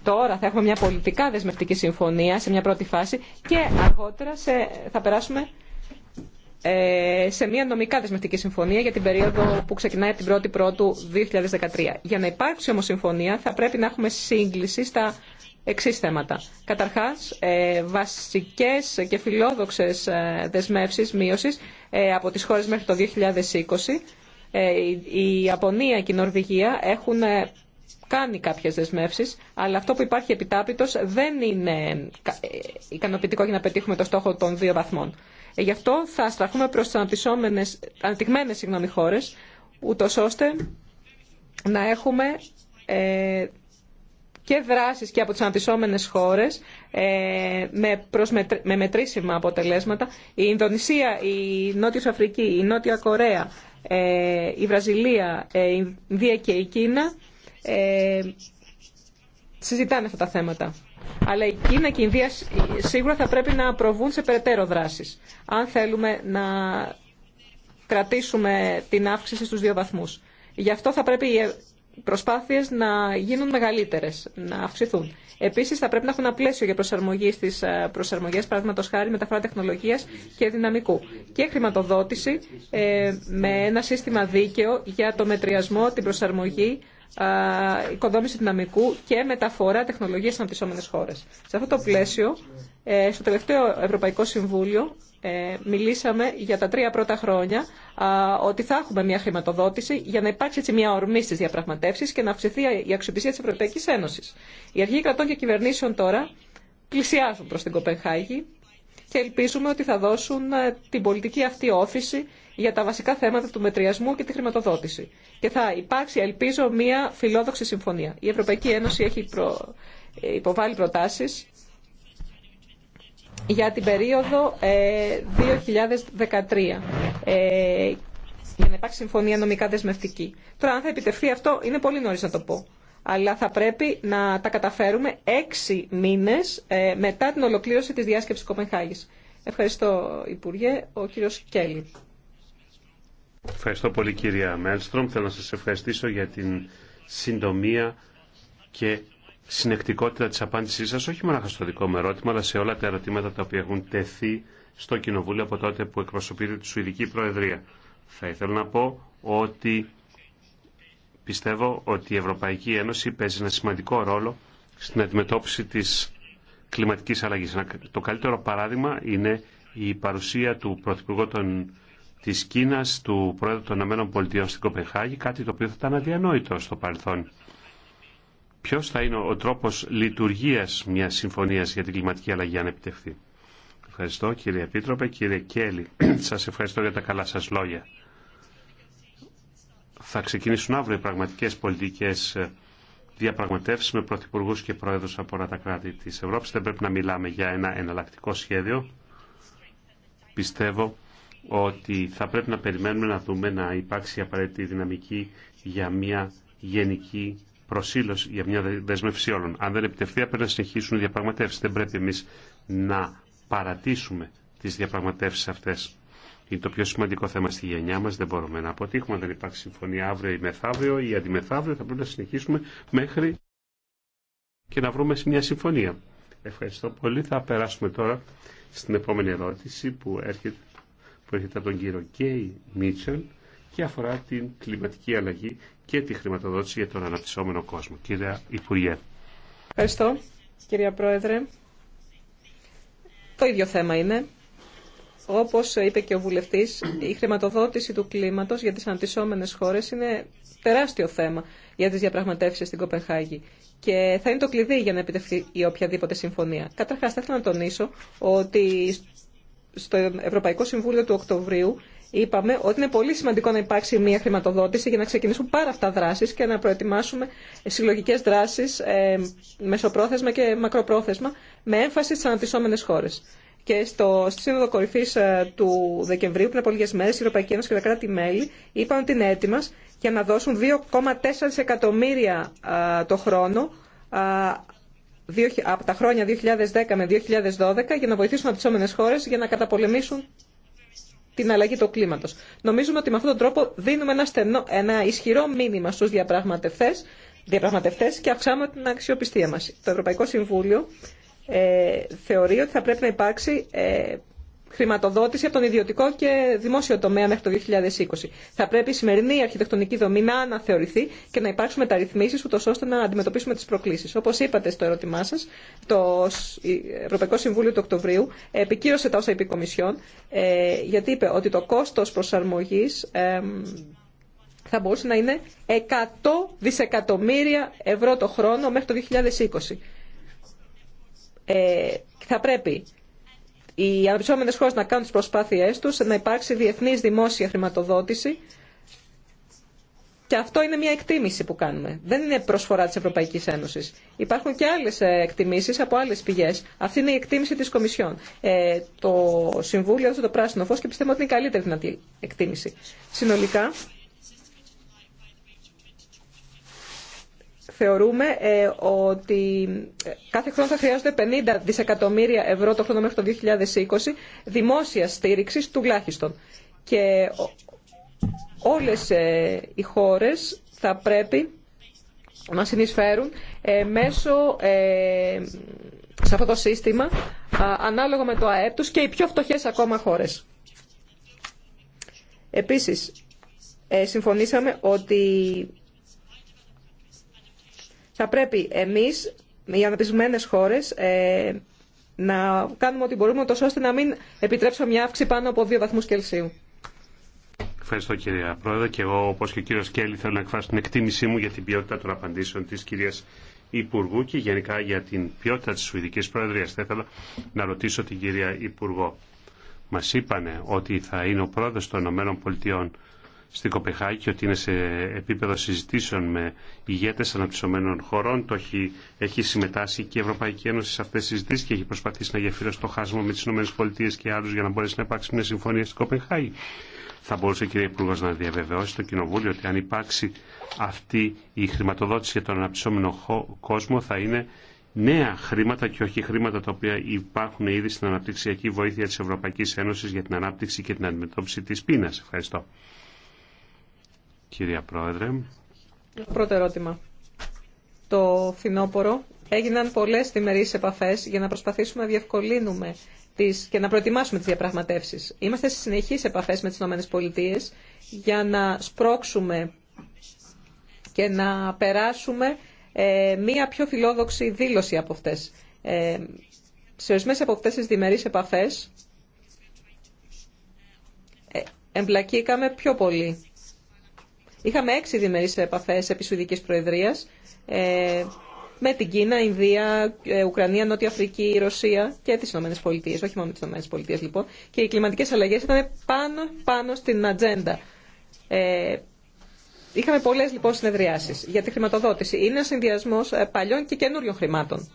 B: Τώρα θα έχουμε μια πολιτικά δεσμευτική συμφωνία σε μια πρώτη φάση και αργότερα θα περάσουμε ε, σε μια νομικά δεσμευτική συμφωνία για την περίοδο που ξεκινάει από την 1η Πρώτου 2013. Για να υπάρξει όμως συμφωνία θα πρέπει να έχουμε σύγκληση στα εξή θέματα. Καταρχάς, ε, βασικέ και φιλόδοξες ε, δεσμεύσεις μείωση από τι χώρε μέχρι το 2020. Η Ιαπωνία και η Νορβηγία έχουν κάνει κάποιες δεσμεύσεις, αλλά αυτό που υπάρχει επιτάπητος δεν είναι ικανοποιητικό για να πετύχουμε το στόχο των δύο βαθμών. Ε, γι' αυτό θα στραφούμε προς τις αναπτυγμένες συγγνώμη, χώρες, ώστε να έχουμε ε, και δράσεις και από τις αναπτυσσόμενες χώρες ε, με, με μετρήσιμα αποτελέσματα. Η Ινδονησία, η Νότια Αφρική, η Νότια Κορέα, η Βραζιλία, η Ινδία και η Κίνα συζητάνε αυτά τα θέματα. Αλλά η Κίνα και η Ινδία σίγουρα θα πρέπει να προβούν σε περαιτέρω δράσεις. Αν θέλουμε να κρατήσουμε την αύξηση στους δύο βαθμούς. Γι' αυτό θα πρέπει οι προσπάθειες να γίνουν μεγαλύτερες, να αυξηθούν. Επίσης θα πρέπει να έχουν ένα πλαίσιο για προσαρμογή στις ε, προσαρμογές, παραδείγματος χάρη μεταφορά τεχνολογίας και δυναμικού. Και χρηματοδότηση ε, με ένα σύστημα δίκαιο για το μετριασμό, την προσαρμογή οικοδόμηση δυναμικού και μεταφορά τεχνολογίας στι αναπτυσσόμενες χώρες. Σε αυτό το πλαίσιο, ε, στο τελευταίο Ευρωπαϊκό Συμβούλιο, ε, μιλήσαμε για τα τρία πρώτα χρόνια ότι θα έχουμε μια χρηματοδότηση για να υπάρξει μια ορμή στις διαπραγματεύσεις και να αυξηθεί η αξιοπιστία της Ευρωπαϊκής Ένωσης. Οι αρχή κρατών και κυβερνήσεων τώρα πλησιάζουν προς την Κοπενχάγη και ελπίζουμε ότι θα δώσουν ε, την πολιτική αυτή όφηση για τα βασικά θέματα του μετριασμού και τη χρηματοδότηση. Και θα υπάρξει, ελπίζω, μια φιλόδοξη συμφωνία. Η Ευρωπαϊκή Ένωση έχει προ... υποβάλει προτάσεις για την περίοδο 2013 ε, ε, για να υπάρξει συμφωνία νομικά δεσμευτική. Τώρα, αν θα επιτευχθεί αυτό, είναι πολύ νωρί να το πω. Αλλά θα πρέπει να τα καταφέρουμε έξι μήνες ε, μετά την ολοκλήρωση τη διάσκεψης Κοπενχάγης. Ευχαριστώ, Υπουργέ. Ο κύριος Κέλλη.
A: Ευχαριστώ πολύ κυρία Μέλστρομ. Θέλω να σας ευχαριστήσω για την συντομία και συνεκτικότητα της απάντησής σας, όχι μόνο στο δικό μου ερώτημα, αλλά σε όλα τα ερωτήματα τα οποία έχουν τεθεί στο Κοινοβούλιο από τότε που εκπροσωπείται τη Σουηδική Προεδρία. Θα ήθελα να πω ότι πιστεύω ότι η Ευρωπαϊκή Ένωση παίζει ένα σημαντικό ρόλο στην αντιμετώπιση της κλιματικής αλλαγής. Το καλύτερο παράδειγμα είναι η παρουσία του Πρωθυπουργού των τη κίνα του Πρόεδρου των Ηνωμένων Πολιτειών στην Κοπεχάγη, κάτι το οποίο θα ήταν αδιανόητο στο παρελθόν. Ποιο θα είναι ο τρόπο λειτουργία μια συμφωνία για την κλιματική αλλαγή αν επιτευχθεί. Ευχαριστώ κύριε Επίτροπε, κύριε Κέλλη. σα ευχαριστώ για τα καλά σα λόγια. Θα ξεκινήσουν αύριο οι πραγματικέ πολιτικές ε, διαπραγματεύσει με πρωθυπουργού και πρόεδρου από όλα τα κράτη τη Ευρώπη. Δεν πρέπει να μιλάμε για ένα εναλλακτικό σχέδιο. Πιστεύω ότι θα πρέπει να περιμένουμε να δούμε να υπάρξει απαραίτητη δυναμική για μια γενική προσήλωση, για μια δεσμεύση όλων. Αν δεν επιτευχθεί, πρέπει να συνεχίσουν οι διαπραγματεύσει. Δεν πρέπει εμεί να παρατήσουμε τι διαπραγματεύσει αυτέ. Είναι το πιο σημαντικό θέμα στη γενιά μα. Δεν μπορούμε να αποτύχουμε. Αν δεν υπάρχει συμφωνία αύριο ή μεθαύριο ή αντιμεθαύριο, θα πρέπει να συνεχίσουμε μέχρι και να βρούμε μια συμφωνία. Ευχαριστώ πολύ. Θα περάσουμε τώρα στην επόμενη ερώτηση που έρχεται που έρχεται από τον κύριο Κέι Μίτσελ και αφορά την κλιματική αλλαγή και τη χρηματοδότηση για τον αναπτυσσόμενο κόσμο. Κύριε Υπουργέ.
B: Ευχαριστώ, κυρία Πρόεδρε. Το ίδιο θέμα είναι. Όπως είπε και ο βουλευτής, η χρηματοδότηση του κλίματος για τις αναπτυσσόμενες χώρες είναι τεράστιο θέμα για τις διαπραγματεύσεις στην Κοπενχάγη και θα είναι το κλειδί για να επιτευχθεί η οποιαδήποτε συμφωνία. Καταρχάς, θα ήθελα να τονίσω ότι στο Ευρωπαϊκό Συμβούλιο του Οκτωβρίου είπαμε ότι είναι πολύ σημαντικό να υπάρξει μια χρηματοδότηση για να ξεκινήσουν πάρα αυτά δράσεις και να προετοιμάσουμε συλλογικές δράσεις ε, μεσοπρόθεσμα και μακροπρόθεσμα με έμφαση στις αναπτυσσόμενες χώρες. Και στο, στη Σύνοδο Κορυφή ε, του Δεκεμβρίου, πριν από λίγε μέρε, η Ευρωπαϊκή Ένωση και τα κράτη-μέλη είπαν ότι είναι έτοιμα για να δώσουν 2,4 εκατομμύρια ε, το χρόνο από τα χρόνια 2010 με 2012 για να βοηθήσουν αναπτυσσόμενες χώρες για να καταπολεμήσουν την αλλαγή του κλίματος. Νομίζουμε ότι με αυτόν τον τρόπο δίνουμε ένα, στενό, ένα ισχυρό μήνυμα στους διαπραγματευτές, διαπραγματευτές και αυξάμε την αξιοπιστία μας. Το Ευρωπαϊκό Συμβούλιο ε, θεωρεί ότι θα πρέπει να υπάρξει ε, χρηματοδότηση από τον ιδιωτικό και δημόσιο τομέα μέχρι το 2020. Θα πρέπει η σημερινή αρχιτεκτονική δομή να αναθεωρηθεί και να υπάρξουν μεταρρυθμίσει, ούτω ώστε να αντιμετωπίσουμε τι προκλήσει. Όπω είπατε στο ερώτημά σα, το Ευρωπαϊκό Συμβούλιο του Οκτωβρίου επικύρωσε τα όσα είπε η Κομισιόν, ε, γιατί είπε ότι το κόστο προσαρμογή θα μπορούσε να είναι 100 δισεκατομμύρια ευρώ το χρόνο μέχρι το 2020. Ε, θα πρέπει οι αναπτυσσόμενε χώρε να κάνουν τι προσπάθειε του, να υπάρξει διεθνή δημόσια χρηματοδότηση. Και αυτό είναι μια εκτίμηση που κάνουμε. Δεν είναι προσφορά τη Ευρωπαϊκή Ένωση. Υπάρχουν και άλλε εκτιμήσει από άλλε πηγέ. Αυτή είναι η εκτίμηση τη Κομισιόν. Ε, το Συμβούλιο έδωσε το πράσινο φω και πιστεύω ότι είναι η καλύτερη δυνατή εκτίμηση. Συνολικά, θεωρούμε ε, ότι ε, κάθε χρόνο θα χρειάζονται 50 δισεκατομμύρια ευρώ το χρόνο μέχρι το 2020 δημόσια στήριξη τουλάχιστον. Και όλες ε, οι χώρες θα πρέπει να συνεισφέρουν μέσω σε αυτό το σύστημα ανάλογα με το ΑΕΠ τους και οι πιο φτωχές ακόμα χώρες. Επίσης, συμφωνήσαμε ότι θα πρέπει εμείς, οι αναπτυσμένες χώρες, ε, να κάνουμε ό,τι μπορούμε, τόσο ώστε να μην επιτρέψουμε μια αύξηση πάνω από δύο βαθμούς Κελσίου.
A: Ευχαριστώ κυρία Πρόεδρε και εγώ όπως και ο κύριος Κέλλη θέλω να εκφράσω την εκτίμησή μου για την ποιότητα των απαντήσεων της κυρίας Υπουργού και γενικά για την ποιότητα της Σουηδικής Προεδρίας. Θα ήθελα να ρωτήσω την κυρία Υπουργό. Μας είπανε ότι θα είναι ο πρόεδρο των ΗΠΑ στην Κοπεχάκη και ότι είναι σε επίπεδο συζητήσεων με ηγέτες αναπτυσσομένων χωρών. Το έχει, έχει συμμετάσχει και η Ευρωπαϊκή Ένωση σε αυτές τις συζητήσεις και έχει προσπαθήσει να γεφυρώσει το χάσμα με τις ΗΠΑ και άλλους για να μπορέσει να υπάρξει μια συμφωνία στην Κοπεχάγη. Θα μπορούσε κύριε Υπουργό να διαβεβαιώσει το Κοινοβούλιο ότι αν υπάρξει αυτή η χρηματοδότηση για τον αναπτυσσόμενο κόσμο θα είναι νέα χρήματα και όχι χρήματα τα οποία υπάρχουν ήδη στην αναπτυξιακή βοήθεια της Ευρωπαϊκής Ένωσης για την ανάπτυξη και την αντιμετώπιση της πείνας. Ευχαριστώ. Κυρία Πρόεδρε.
B: Πρώτο ερώτημα. Το φινόπορο έγιναν πολλές διμερείς επαφές για να προσπαθήσουμε να διευκολύνουμε τις, και να προετοιμάσουμε τι διαπραγματεύσει. Είμαστε σε συνεχεί επαφές με τις ΗΠΑ για να σπρώξουμε και να περάσουμε ε, μία πιο φιλόδοξη δήλωση από αυτέ. Ε, σε ορισμένε από αυτέ τι διμερεί επαφέ, ε, εμπλακήκαμε πιο πολύ Είχαμε έξι διμερείς επαφές επί Σουηδικής ε, με την Κίνα, Ινδία, ε, Ουκρανία, Νότια Αφρική, Ρωσία και τις Ηνωμένες Πολιτείες, όχι μόνο τις Ηνωμένες Πολιτείες λοιπόν. Και οι κλιματικές αλλαγές ήταν πάνω, πάνω στην ατζέντα. Ε, είχαμε πολλές λοιπόν συνεδριάσεις για τη χρηματοδότηση. Είναι ένα συνδυασμός ε, παλιών και καινούριων χρημάτων.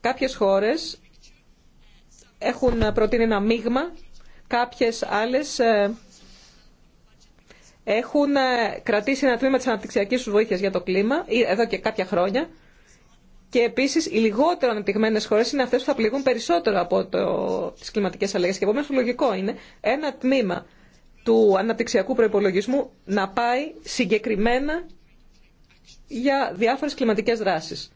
B: Κάποιες χώρες έχουν προτείνει ένα μείγμα, κάποιες άλλες ε, έχουν ε, κρατήσει ένα τμήμα τη αναπτυξιακής του βοήθειας για το κλίμα εδώ και κάποια χρόνια και επίση οι λιγότερο αναπτυγμένε χώρε είναι αυτέ που θα πληγούν περισσότερο από το, κλιματικέ κλιματικές αλλαγές. Και επομένω, το λογικό είναι ένα τμήμα του αναπτυξιακού προπολογισμού να πάει συγκεκριμένα για διάφορε κλιματικέ δράσει.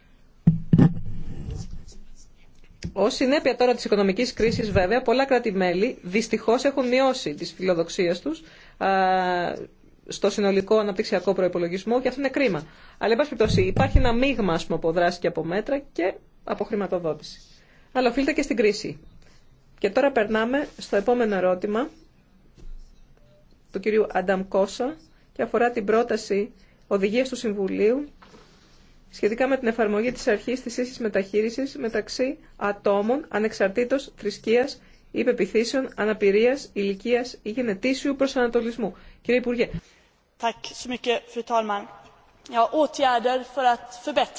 B: Ω συνέπεια τώρα τη οικονομική κρίση, βέβαια, πολλά κράτη-μέλη δυστυχώ έχουν μειώσει τι φιλοδοξίε του στο συνολικό αναπτυξιακό προπολογισμό και αυτό είναι κρίμα. Αλλά, εν πάση περιπτώσει, υπάρχει ένα μείγμα πούμε, από δράση και από μέτρα και από χρηματοδότηση. Αλλά οφείλεται και στην κρίση. Και τώρα περνάμε στο επόμενο ερώτημα του κυρίου Αντάμ Κόσα και αφορά την πρόταση οδηγία του Συμβουλίου σχετικά με την εφαρμογή της αρχής της ίσης μεταχείρισης μεταξύ ατόμων ανεξαρτήτως θρησκείας ή πεπιθήσεων αναπηρίας, ηλικίας ή γενετήσιου προσανατολισμού. Κύριε Υπουργέ.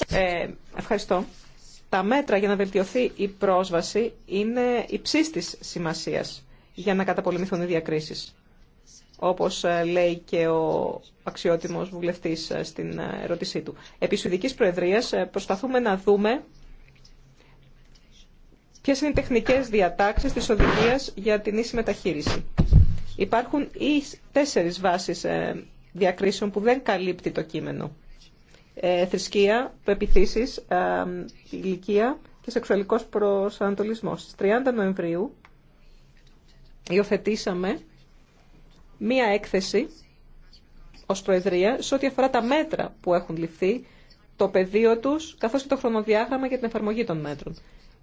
B: Eh, ευχαριστώ. Τα μέτρα για να βελτιωθεί η πρόσβαση είναι υψίστης σημασίας για να καταπολεμηθούν οι διακρίσεις. Όπως ε, λέει και ο αξιότιμος βουλευτής ε, στην ε, ερώτησή του. Επί Σουηδικής Προεδρίας προσπαθούμε να δούμε ποιες είναι οι τεχνικές διατάξεις της οδηγίας για την ίση μεταχείριση. Υπάρχουν ή τέσσερις βάσεις διακρίσεων που δεν καλύπτει το κείμενο. Ε, θρησκεία, πεπιθήσεις, ε, ηλικία και σεξουαλικός προσανατολισμός. Στις 30 Νοεμβρίου υιοθετήσαμε μία έκθεση ως Προεδρία σε ό,τι αφορά τα μέτρα που έχουν ληφθεί, το πεδίο τους, καθώς και το χρονοδιάγραμμα για την εφαρμογή των μέτρων.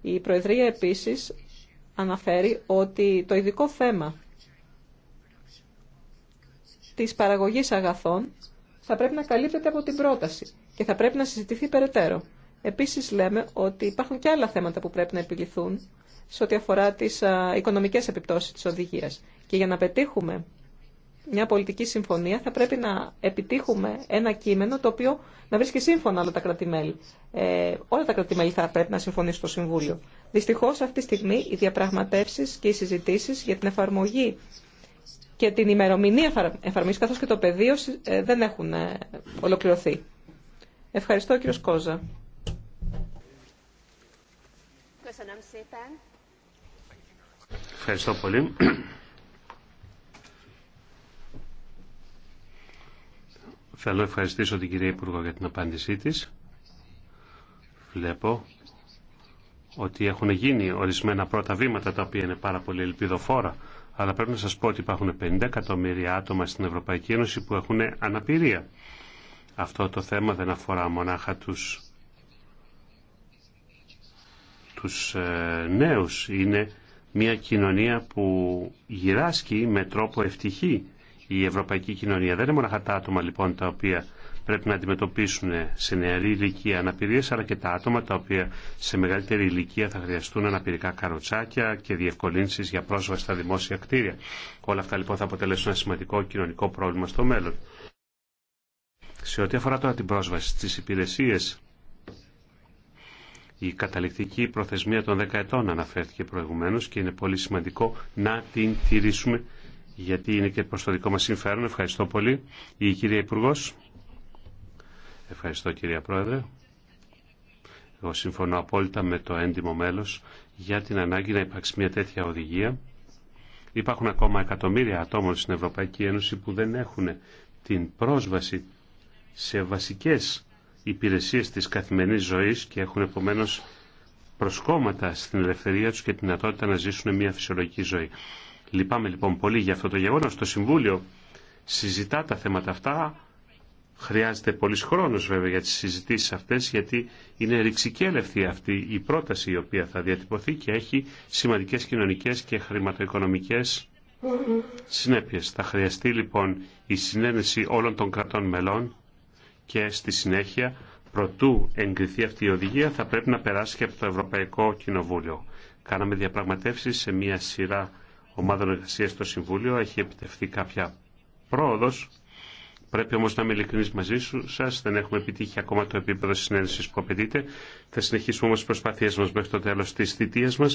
B: Η Προεδρία επίσης αναφέρει ότι το ειδικό θέμα της παραγωγής αγαθών θα πρέπει να καλύπτεται από την πρόταση και θα πρέπει να συζητηθεί περαιτέρω. Επίσης λέμε ότι υπάρχουν και άλλα θέματα που πρέπει να επιληθούν σε ό,τι αφορά τις οικονομικές επιπτώσεις της οδηγίας. Και για να πετύχουμε μια πολιτική συμφωνία θα πρέπει να επιτύχουμε ένα κείμενο το οποίο να βρίσκει σύμφωνα όλα τα κρατημέλη. Ε, όλα τα κρατημέλη θα πρέπει να συμφωνήσουν στο Συμβούλιο. Δυστυχώ αυτή τη στιγμή οι διαπραγματεύσει και οι συζητήσει για την εφαρμογή και την ημερομηνία εφαρμογή καθώς και το πεδίο ε, δεν έχουν ε, ολοκληρωθεί. Ευχαριστώ κύριο Σκόζα.
A: Ευχαριστώ πολύ. Θέλω να ευχαριστήσω την κυρία Υπουργό για την απάντησή της. Βλέπω ότι έχουν γίνει ορισμένα πρώτα βήματα τα οποία είναι πάρα πολύ ελπιδοφόρα αλλά πρέπει να σας πω ότι υπάρχουν 50 εκατομμύρια άτομα στην Ευρωπαϊκή Ένωση που έχουν αναπηρία. Αυτό το θέμα δεν αφορά μονάχα τους, τους ε, νέους. Είναι μια κοινωνία που γυράσκει με τρόπο ευτυχή η ευρωπαϊκή κοινωνία. Δεν είναι μονάχα τα άτομα λοιπόν τα οποία πρέπει να αντιμετωπίσουν σε νεαρή ηλικία αναπηρίες, αλλά και τα άτομα τα οποία σε μεγαλύτερη ηλικία θα χρειαστούν αναπηρικά καροτσάκια και διευκολύνσεις για πρόσβαση στα δημόσια κτίρια. Όλα αυτά λοιπόν θα αποτελέσουν ένα σημαντικό κοινωνικό πρόβλημα στο μέλλον. Σε ό,τι αφορά τώρα την πρόσβαση στις υπηρεσίες, η καταληκτική προθεσμία των 10 ετών αναφέρθηκε προηγουμένως και είναι πολύ σημαντικό να την τηρήσουμε γιατί είναι και προς το δικό μας συμφέρον. Ευχαριστώ πολύ. Η κυρία Υπουργός. Ευχαριστώ κυρία Πρόεδρε. Εγώ συμφωνώ απόλυτα με το έντιμο μέλος για την ανάγκη να υπάρξει μια τέτοια οδηγία. Υπάρχουν ακόμα εκατομμύρια ατόμων στην Ευρωπαϊκή Ένωση που δεν έχουν την πρόσβαση σε βασικές υπηρεσίες της καθημερινής ζωής και έχουν επομένως προσκόμματα στην ελευθερία τους και την δυνατότητα να ζήσουν μια φυσιολογική ζωή. Λυπάμαι λοιπόν πολύ για αυτό το γεγονός. Το Συμβούλιο συζητά τα θέματα αυτά Χρειάζεται πολλή χρόνο βέβαια για τι συζητήσει αυτέ, γιατί είναι ρηξικέλευτη αυτή η πρόταση η οποία θα διατυπωθεί και έχει σημαντικέ κοινωνικέ και χρηματοοικονομικέ συνέπειε. Θα χρειαστεί λοιπόν η συνένεση όλων των κρατών μελών και στη συνέχεια, προτού εγκριθεί αυτή η οδηγία, θα πρέπει να περάσει και από το Ευρωπαϊκό Κοινοβούλιο. Κάναμε διαπραγματεύσει σε μία σειρά ομάδων εργασία στο Συμβούλιο. Έχει επιτευχθεί κάποια πρόοδο Πρέπει όμω να είμαι ειλικρινή μαζί σα. Δεν έχουμε επιτύχει ακόμα το επίπεδο συνένεση που απαιτείται. Θα συνεχίσουμε όμω τι προσπάθειέ μα μέχρι το τέλο τη θητεία μα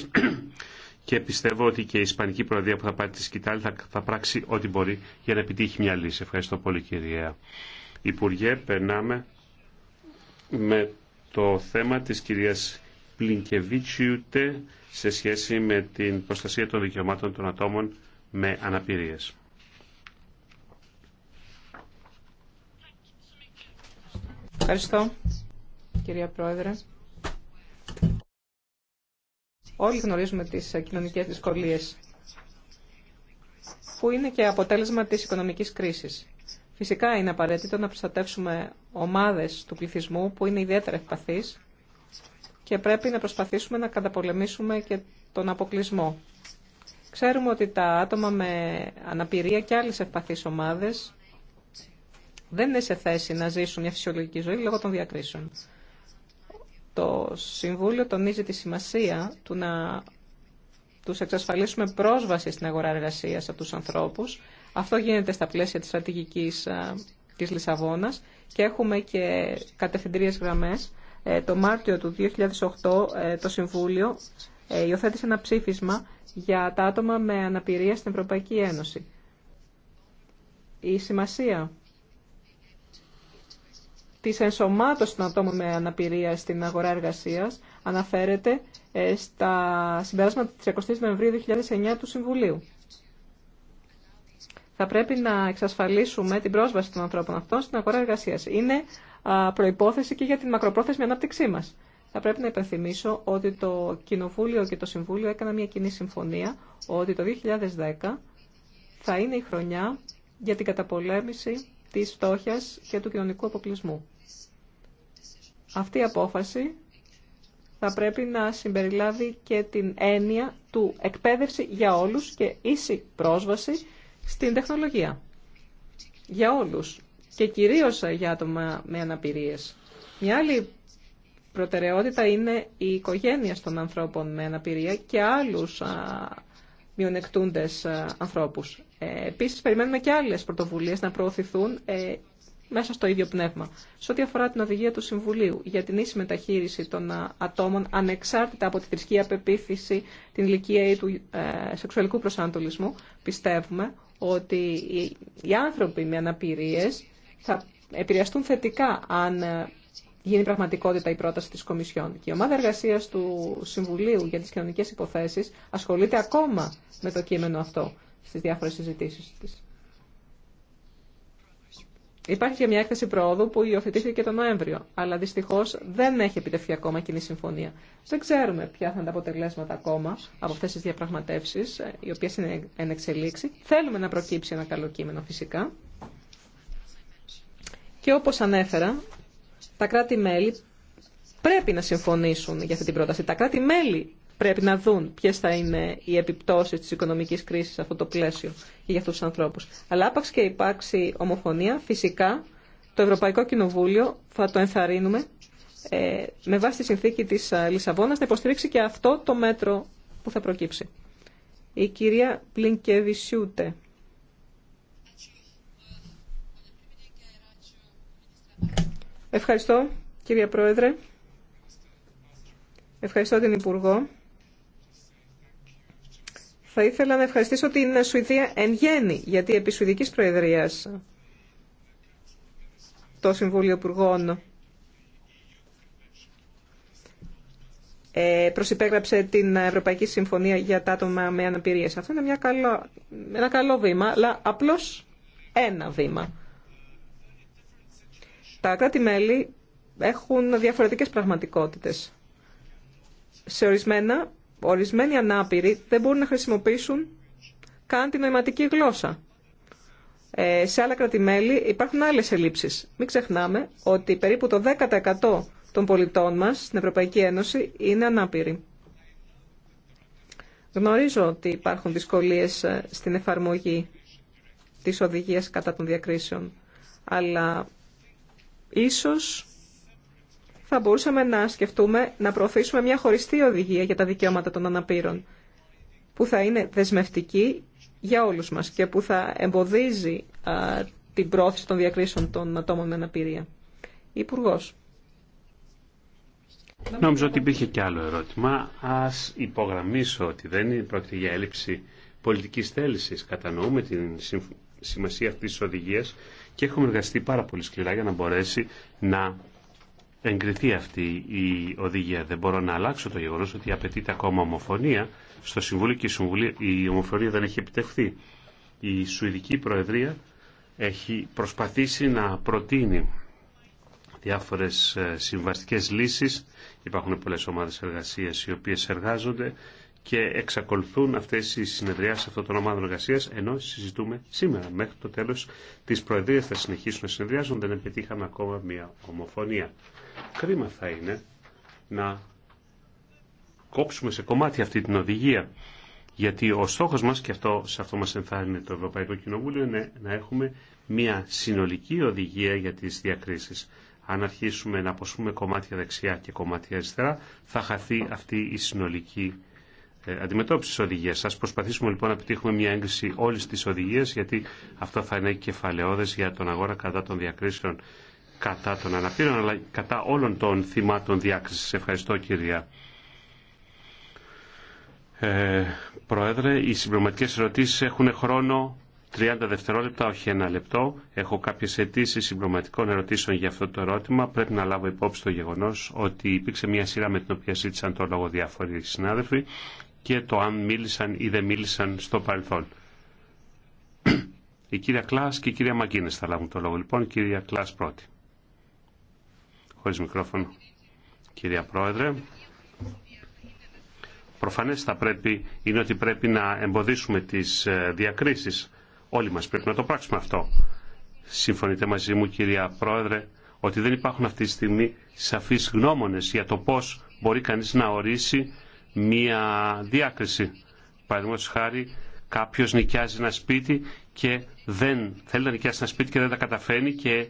A: και πιστεύω ότι και η Ισπανική Προεδρία που θα πάρει τη σκητάλη θα, θα πράξει ό,τι μπορεί για να επιτύχει μια λύση. Ευχαριστώ πολύ, κυρία Υπουργέ. Περνάμε με το θέμα τη κυρία Πλινκεβίτσιουτε σε σχέση με την προστασία των δικαιωμάτων των ατόμων με αναπηρίες.
B: Ευχαριστώ, κυρία Πρόεδρε. Όλοι γνωρίζουμε τις κοινωνικές δυσκολίες που είναι και αποτέλεσμα της οικονομικής κρίσης. Φυσικά είναι απαραίτητο να προστατεύσουμε ομάδες του πληθυσμού που είναι ιδιαίτερα ευπαθείς και πρέπει να προσπαθήσουμε να καταπολεμήσουμε και τον αποκλεισμό. Ξέρουμε ότι τα άτομα με αναπηρία και άλλες ευπαθείς ομάδες δεν είναι σε θέση να ζήσουν μια φυσιολογική ζωή λόγω των διακρίσεων. Το Συμβούλιο τονίζει τη σημασία του να τους εξασφαλίσουμε πρόσβαση στην αγορά εργασίας από τους ανθρώπους. Αυτό γίνεται στα πλαίσια της στρατηγικής της Λισαβόνας και έχουμε και κατευθυντήριες γραμμές. Ε, το Μάρτιο του 2008 ε, το Συμβούλιο ε, υιοθέτησε ένα ψήφισμα για τα άτομα με αναπηρία στην Ευρωπαϊκή Ένωση. Η σημασία Τη ενσωμάτωσης των ατόμων με αναπηρία στην αγορά εργασία, αναφέρεται ε, στα συμπεράσματα τη 20 Νοεμβρίου 2009 του Συμβουλίου. Θα πρέπει να εξασφαλίσουμε την πρόσβαση των ανθρώπων αυτών στην αγορά εργασία. Είναι προϋπόθεση και για την μακροπρόθεσμη ανάπτυξή μας. Θα πρέπει να υπενθυμίσω ότι το Κοινοβούλιο και το Συμβούλιο έκαναν μια κοινή συμφωνία ότι το 2010 θα είναι η χρονιά για την καταπολέμηση της φτώχειας και του κοινωνικού αποκλεισμού. Αυτή η απόφαση θα πρέπει να συμπεριλάβει και την έννοια του εκπαίδευση για όλους και ίση πρόσβαση στην τεχνολογία. Για όλους και κυρίως για άτομα με αναπηρίες. Μια άλλη προτεραιότητα είναι η οικογένεια των ανθρώπων με αναπηρία και άλλους μειονεκτούντες ανθρώπους. Επίση, περιμένουμε και άλλε πρωτοβουλίε να προωθηθούν ε, μέσα στο ίδιο πνεύμα. Σε ό,τι αφορά την οδηγία του Συμβουλίου για την ίση μεταχείριση των ε, ατόμων ανεξάρτητα από τη θρησκεία πεποίθηση, την ηλικία ή του ε, σεξουαλικού προσανατολισμού, πιστεύουμε ότι οι άνθρωποι με αναπηρίες θα επηρεαστούν θετικά αν γίνει πραγματικότητα η του σεξουαλικου προσανατολισμου πιστευουμε οτι οι ανθρωποι με αναπηριε θα επηρεαστουν θετικα αν γινει πραγματικοτητα η προταση της Κομισιόν. Και η ομάδα εργασίας του Συμβουλίου για τις κοινωνικές υποθέσεις ασχολείται ακόμα με το κείμενο αυτό στις διάφορες συζητήσεις της. Υπάρχει και μια έκθεση προόδου που υιοθετήθηκε τον Νοέμβριο, αλλά δυστυχώ δεν έχει επιτευχθεί ακόμα κοινή συμφωνία. Δεν ξέρουμε ποια θα είναι τα αποτελέσματα ακόμα από αυτέ τι διαπραγματεύσει, οι οποίες είναι εν εξελίξη. Θέλουμε να προκύψει ένα καλό κείμενο φυσικά. Και όπως ανέφερα, τα κράτη-μέλη πρέπει να συμφωνήσουν για αυτή την πρόταση. Τα κράτη-μέλη πρέπει να δουν ποιε θα είναι οι επιπτώσει τη οικονομική κρίση σε αυτό το πλαίσιο και για αυτού του ανθρώπου. Αλλά άπαξ και υπάρξει ομοφωνία, φυσικά το Ευρωπαϊκό Κοινοβούλιο θα το ενθαρρύνουμε ε, με βάση τη συνθήκη τη ε, Λισαβόνα να υποστηρίξει και αυτό το μέτρο που θα προκύψει. Η κυρία Πλυνκεβισιούτε. Ευχαριστώ, κυρία Πρόεδρε. Ευχαριστώ την Υπουργό θα ήθελα να ευχαριστήσω την Σουηδία εν γέννη, γιατί επί Σουηδικής Προεδρίας το Συμβούλιο Υπουργών ε, προσυπέγραψε την Ευρωπαϊκή Συμφωνία για τα άτομα με αναπηρίες. Αυτό είναι μια καλό, ένα καλό βήμα, αλλά απλώς ένα βήμα. Τα κράτη-μέλη έχουν διαφορετικές πραγματικότητες. Σε ορισμένα Ορισμένοι ανάπηροι δεν μπορούν να χρησιμοποιήσουν καν τη νοηματική γλώσσα. Ε, σε άλλα κρατημέλη υπάρχουν άλλες ελλείψεις. Μην ξεχνάμε ότι περίπου το 10% των πολιτών μας στην Ευρωπαϊκή Ένωση είναι ανάπηροι. Γνωρίζω ότι υπάρχουν δυσκολίες ε, στην εφαρμογή της οδηγίας κατά των διακρίσεων, αλλά ίσως θα μπορούσαμε να σκεφτούμε να προωθήσουμε μια χωριστή οδηγία για τα δικαιώματα των αναπήρων, που θα είναι δεσμευτική για όλους μας και που θα εμποδίζει την πρόθεση των διακρίσεων των ατόμων με αναπηρία. Υπουργό.
A: Νόμιζα ότι υπήρχε και άλλο ερώτημα. Ας υπογραμμίσω ότι δεν πρόκειται για έλλειψη πολιτικής θέλησης. Κατανοούμε την σημασία αυτής της οδηγίας και έχουμε εργαστεί πάρα πολύ σκληρά για να μπορέσει να εγκριθεί αυτή η οδηγία. Δεν μπορώ να αλλάξω το γεγονός ότι απαιτείται ακόμα ομοφωνία στο Συμβούλιο και η, η ομοφωνία δεν έχει επιτευχθεί. Η Σουηδική Προεδρία έχει προσπαθήσει να προτείνει διάφορες ε, συμβαστικές λύσεις. Υπάρχουν πολλές ομάδες εργασίας οι οποίες εργάζονται και εξακολουθούν αυτές οι συνεδριάσεις αυτών των ομάδων εργασίας ενώ συζητούμε σήμερα μέχρι το τέλος της Προεδρίας θα συνεχίσουν να συνεδριάζουν δεν επιτύχαμε ακόμα μια ομοφωνία κρίμα θα είναι να κόψουμε σε κομμάτι αυτή την οδηγία γιατί ο στόχος μας και αυτό, σε αυτό μας ενθάρρυνε το Ευρωπαϊκό Κοινοβούλιο είναι να έχουμε μια συνολική οδηγία για τις διακρίσεις αν αρχίσουμε να αποσπούμε κομμάτια δεξιά και κομμάτια αριστερά, θα χαθεί αυτή η συνολική ε, αντιμετώπιση τη οδηγία. Α προσπαθήσουμε λοιπόν να επιτύχουμε μια έγκριση όλη τη οδηγία, γιατί αυτό θα είναι κεφαλαιόδε για τον αγώνα κατά των διακρίσεων κατά των αναπήρων, αλλά κατά όλων των θυμάτων διάκριση. Ευχαριστώ, κυρία. Ε, Πρόεδρε, οι συμπληρωματικέ ερωτήσει έχουν χρόνο 30 δευτερόλεπτα, όχι ένα λεπτό. Έχω κάποιε αιτήσει συμπληρωματικών ερωτήσεων για αυτό το ερώτημα. Πρέπει να λάβω υπόψη το γεγονό ότι υπήρξε μια σειρά με την οποία ζήτησαν το λόγο διάφοροι συνάδελφοι και το αν μίλησαν ή δεν μίλησαν στο παρελθόν. Η κυρία Κλάς και η κυρία Μακίνες, θα λάβουν το λόγο. Λοιπόν, η κυρία Κλάς πρώτη. Χωρίς μικρόφωνο. Κυρία Πρόεδρε, προφανές θα πρέπει, είναι ότι πρέπει να εμποδίσουμε τις ε, διακρίσεις. Όλοι μας πρέπει να το πράξουμε αυτό. Συμφωνείτε μαζί μου κυρία Πρόεδρε ότι δεν υπάρχουν αυτή τη στιγμή σαφείς γνώμονες για το πώς μπορεί κανείς να ορίσει μία διάκριση. Παραδείγματο χάρη, κάποιο νοικιάζει ένα σπίτι και δεν θέλει να νοικιάσει ένα σπίτι και δεν τα καταφέρνει και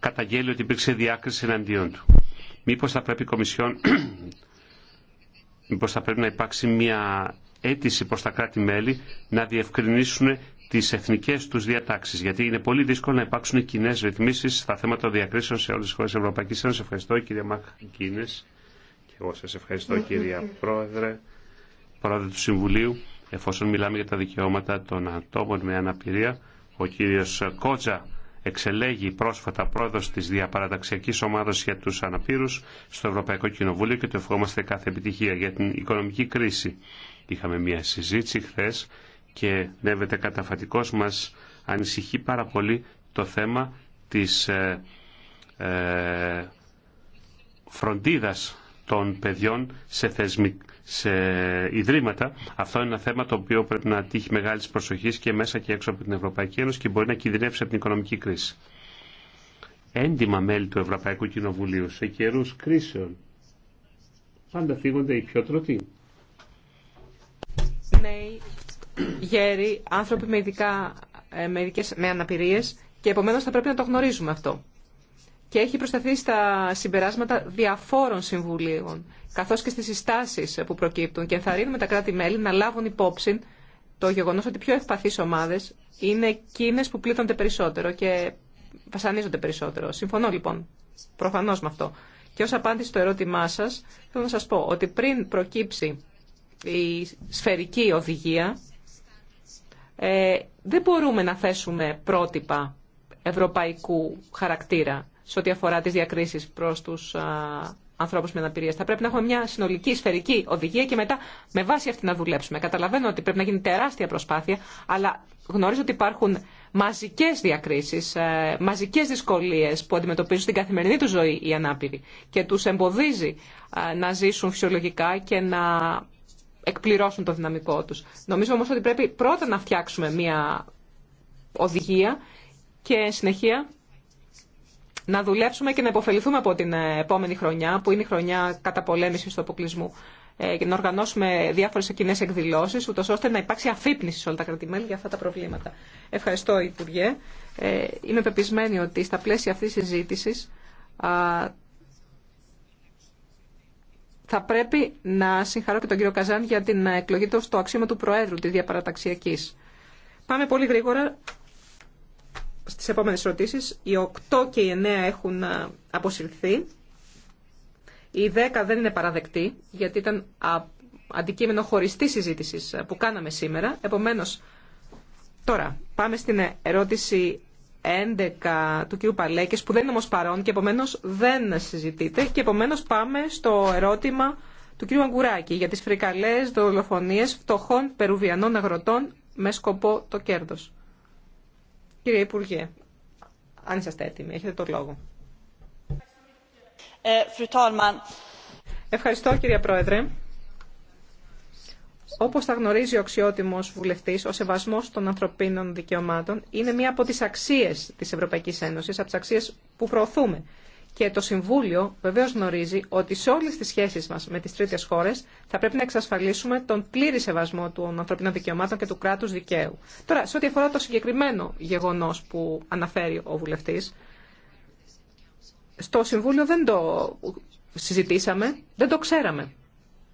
A: καταγγέλει ότι υπήρξε διάκριση εναντίον του. Μήπω θα πρέπει η Κομισιόν. Μήπως θα πρέπει να υπάρξει μια αίτηση προ τα κράτη-μέλη να διευκρινίσουν τι εθνικέ του διατάξει, Γιατί είναι πολύ δύσκολο να υπάρξουν κοινέ ρυθμίσει στα θέματα διακρίσεων σε όλε τι χώρε τη Ευρωπαϊκή Ένωση. Ευχαριστώ, κύριε Μαχ εγώ σας ευχαριστώ κυρία Πρόεδρε, Πρόεδρε του Συμβουλίου. Εφόσον μιλάμε για τα δικαιώματα των ατόμων με αναπηρία, ο κύριος Κότσα εξελέγει πρόσφατα πρόεδρος της διαπαραταξιακής ομάδας για τους αναπήρους στο Ευρωπαϊκό Κοινοβούλιο και του ευχόμαστε κάθε επιτυχία για την οικονομική κρίση. Είχαμε μια συζήτηση χθε και νεύεται καταφατικός μας ανησυχεί πάρα πολύ το θέμα της ε, ε φροντίδας των παιδιών σε, θεσμι... ιδρύματα. Αυτό είναι ένα θέμα το οποίο πρέπει να τύχει μεγάλη προσοχή και μέσα και έξω από την Ευρωπαϊκή Ένωση και μπορεί να κινδυνεύσει από την οικονομική κρίση. Έντιμα μέλη του Ευρωπαϊκού Κοινοβουλίου σε καιρού κρίσεων πάντα φύγονται οι πιο τροτοί. Νέοι,
B: γέροι, άνθρωποι με, ειδικά, ε, με, και επομένως θα πρέπει να το γνωρίζουμε αυτό και έχει προσταθεί στα συμπεράσματα διαφόρων συμβουλίων, καθώ και στι συστάσεις που προκύπτουν και ενθαρρύνουμε τα κράτη-μέλη να λάβουν υπόψη το γεγονό ότι πιο ευπαθεί ομάδε είναι εκείνε που πλήττονται περισσότερο και βασανίζονται περισσότερο. Συμφωνώ λοιπόν, προφανώ με αυτό. Και ω απάντηση στο ερώτημά σα, θέλω να σα πω ότι πριν προκύψει η σφαιρική οδηγία, ε, δεν μπορούμε να θέσουμε πρότυπα ευρωπαϊκού χαρακτήρα σε ό,τι αφορά τις διακρίσεις προς τους ανθρώπου ανθρώπους με αναπηρία. Θα πρέπει να έχουμε μια συνολική σφαιρική οδηγία και μετά με βάση αυτή να δουλέψουμε. Καταλαβαίνω ότι πρέπει να γίνει τεράστια προσπάθεια, αλλά γνωρίζω ότι υπάρχουν μαζικές διακρίσεις, ε, μαζικές δυσκολίες που αντιμετωπίζουν στην καθημερινή του ζωή οι ανάπηροι και τους εμποδίζει να ζήσουν φυσιολογικά και να εκπληρώσουν το δυναμικό τους. Νομίζω όμως ότι πρέπει πρώτα να φτιάξουμε μια οδηγία και συνεχεία να δουλέψουμε και να υποφεληθούμε από την ε, επόμενη χρονιά, που είναι η χρονιά κατά πολέμηση του αποκλεισμού ε, και να οργανώσουμε διάφορε κοινέ εκδηλώσει, ούτω ώστε να υπάρξει αφύπνιση σε όλα τα κρατημέλη για αυτά τα προβλήματα. Ευχαριστώ, Υπουργέ. Ε, είμαι πεπισμένη ότι στα πλαίσια αυτή τη συζήτηση θα πρέπει να συγχαρώ και τον κύριο Καζάν για την εκλογή του στο αξίωμα του Προέδρου τη διαπαραταξιακή. Πάμε πολύ γρήγορα στις επόμενες ερωτήσεις. Οι 8 και οι 9 έχουν ε, αποσυρθεί. Οι 10 δεν είναι παραδεκτή, γιατί ήταν αντικείμενο χωριστή συζήτηση ε, που κάναμε σήμερα. Επομένως, τώρα πάμε στην ερώτηση 11 του κ. Παλέκης, που δεν είναι όμως παρόν και επομένως δεν συζητείται. Και επομένως πάμε στο ερώτημα του κ. Αγκουράκη για τις φρικαλές δολοφονίες φτωχών περουβιανών αγροτών με σκοπό το κέρδος. Κύριε Υπουργέ, αν είσαστε έτοιμοι, έχετε το λόγο. Ε, Ευχαριστώ κύριε Πρόεδρε. Όπως θα γνωρίζει ο αξιότιμος βουλευτής, ο σεβασμός των ανθρωπίνων δικαιωμάτων είναι μία από τις αξίες της Ευρωπαϊκής Ένωση, από τις αξίες που προωθούμε. Και το Συμβούλιο βεβαίω γνωρίζει ότι σε όλε τι σχέσει μα με τι τρίτε χώρε θα πρέπει να εξασφαλίσουμε τον πλήρη σεβασμό των ανθρωπίνων δικαιωμάτων και του κράτου δικαίου. Τώρα, σε ό,τι αφορά το συγκεκριμένο γεγονό που αναφέρει ο βουλευτή, στο Συμβούλιο δεν το συζητήσαμε, δεν το ξέραμε.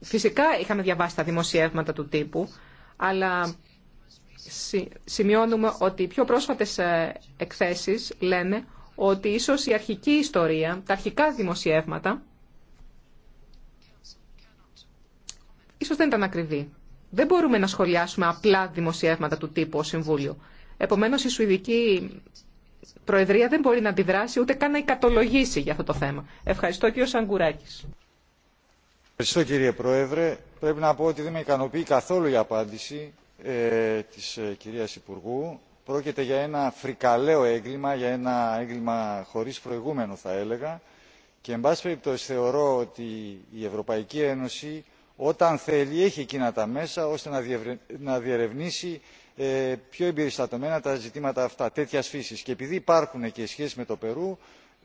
B: Φυσικά είχαμε διαβάσει τα δημοσιεύματα του τύπου, αλλά σημειώνουμε ότι οι πιο πρόσφατες ε, εκθέσεις λένε ότι ίσως η αρχική ιστορία, τα αρχικά δημοσιεύματα, ίσως δεν ήταν ακριβή. Δεν μπορούμε να σχολιάσουμε απλά δημοσιεύματα του τύπου ως Συμβούλιο. Επομένως, η Σουηδική Προεδρία δεν μπορεί να αντιδράσει ούτε καν να εκατολογήσει για αυτό το θέμα. Ευχαριστώ κύριο Σαγκουράκης.
D: Ευχαριστώ κύριε Πρόεδρε. Πρέπει να πω ότι δεν με ικανοποιεί καθόλου η απάντηση ε, της ε, κυρίας Υπουργού πρόκειται για ένα φρικαλαίο έγκλημα για ένα έγκλημα χωρίς προηγούμενο θα έλεγα και εν πάση περιπτώσει θεωρώ ότι η ευρωπαϊκή ένωση όταν θέλει έχει εκείνα τα μέσα ώστε να διερευνήσει ε, πιο εμπεριστατωμένα τα ζητήματα αυτά τέτοιας φύσης και επειδή υπάρχουν και οι σχέσεις με το περού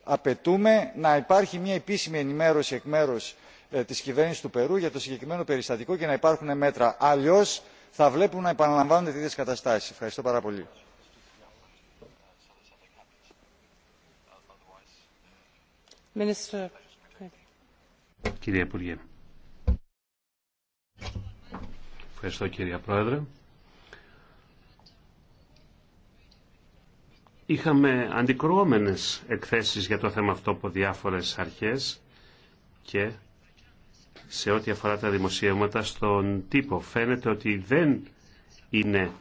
D: απαιτούμε να υπάρχει μια επίσημη ενημέρωση εκ μέρους ε, της κυβέρνησης του περού για το συγκεκριμένο περιστατικό και να υπάρχουν μέτρα αλλιώς θα βλέπουν να επαναλαμβάνονται τέτοιες καταστάσεις. ευχαριστώ πάρα πολύ.
A: Κύριε Υπουργέ. Ευχαριστώ κύριε Πρόεδρε. Είχαμε αντικρουόμενες εκθέσεις για το θέμα αυτό από διάφορες αρχές και σε ό,τι αφορά τα δημοσίευματα στον τύπο. Φαίνεται ότι δεν είναι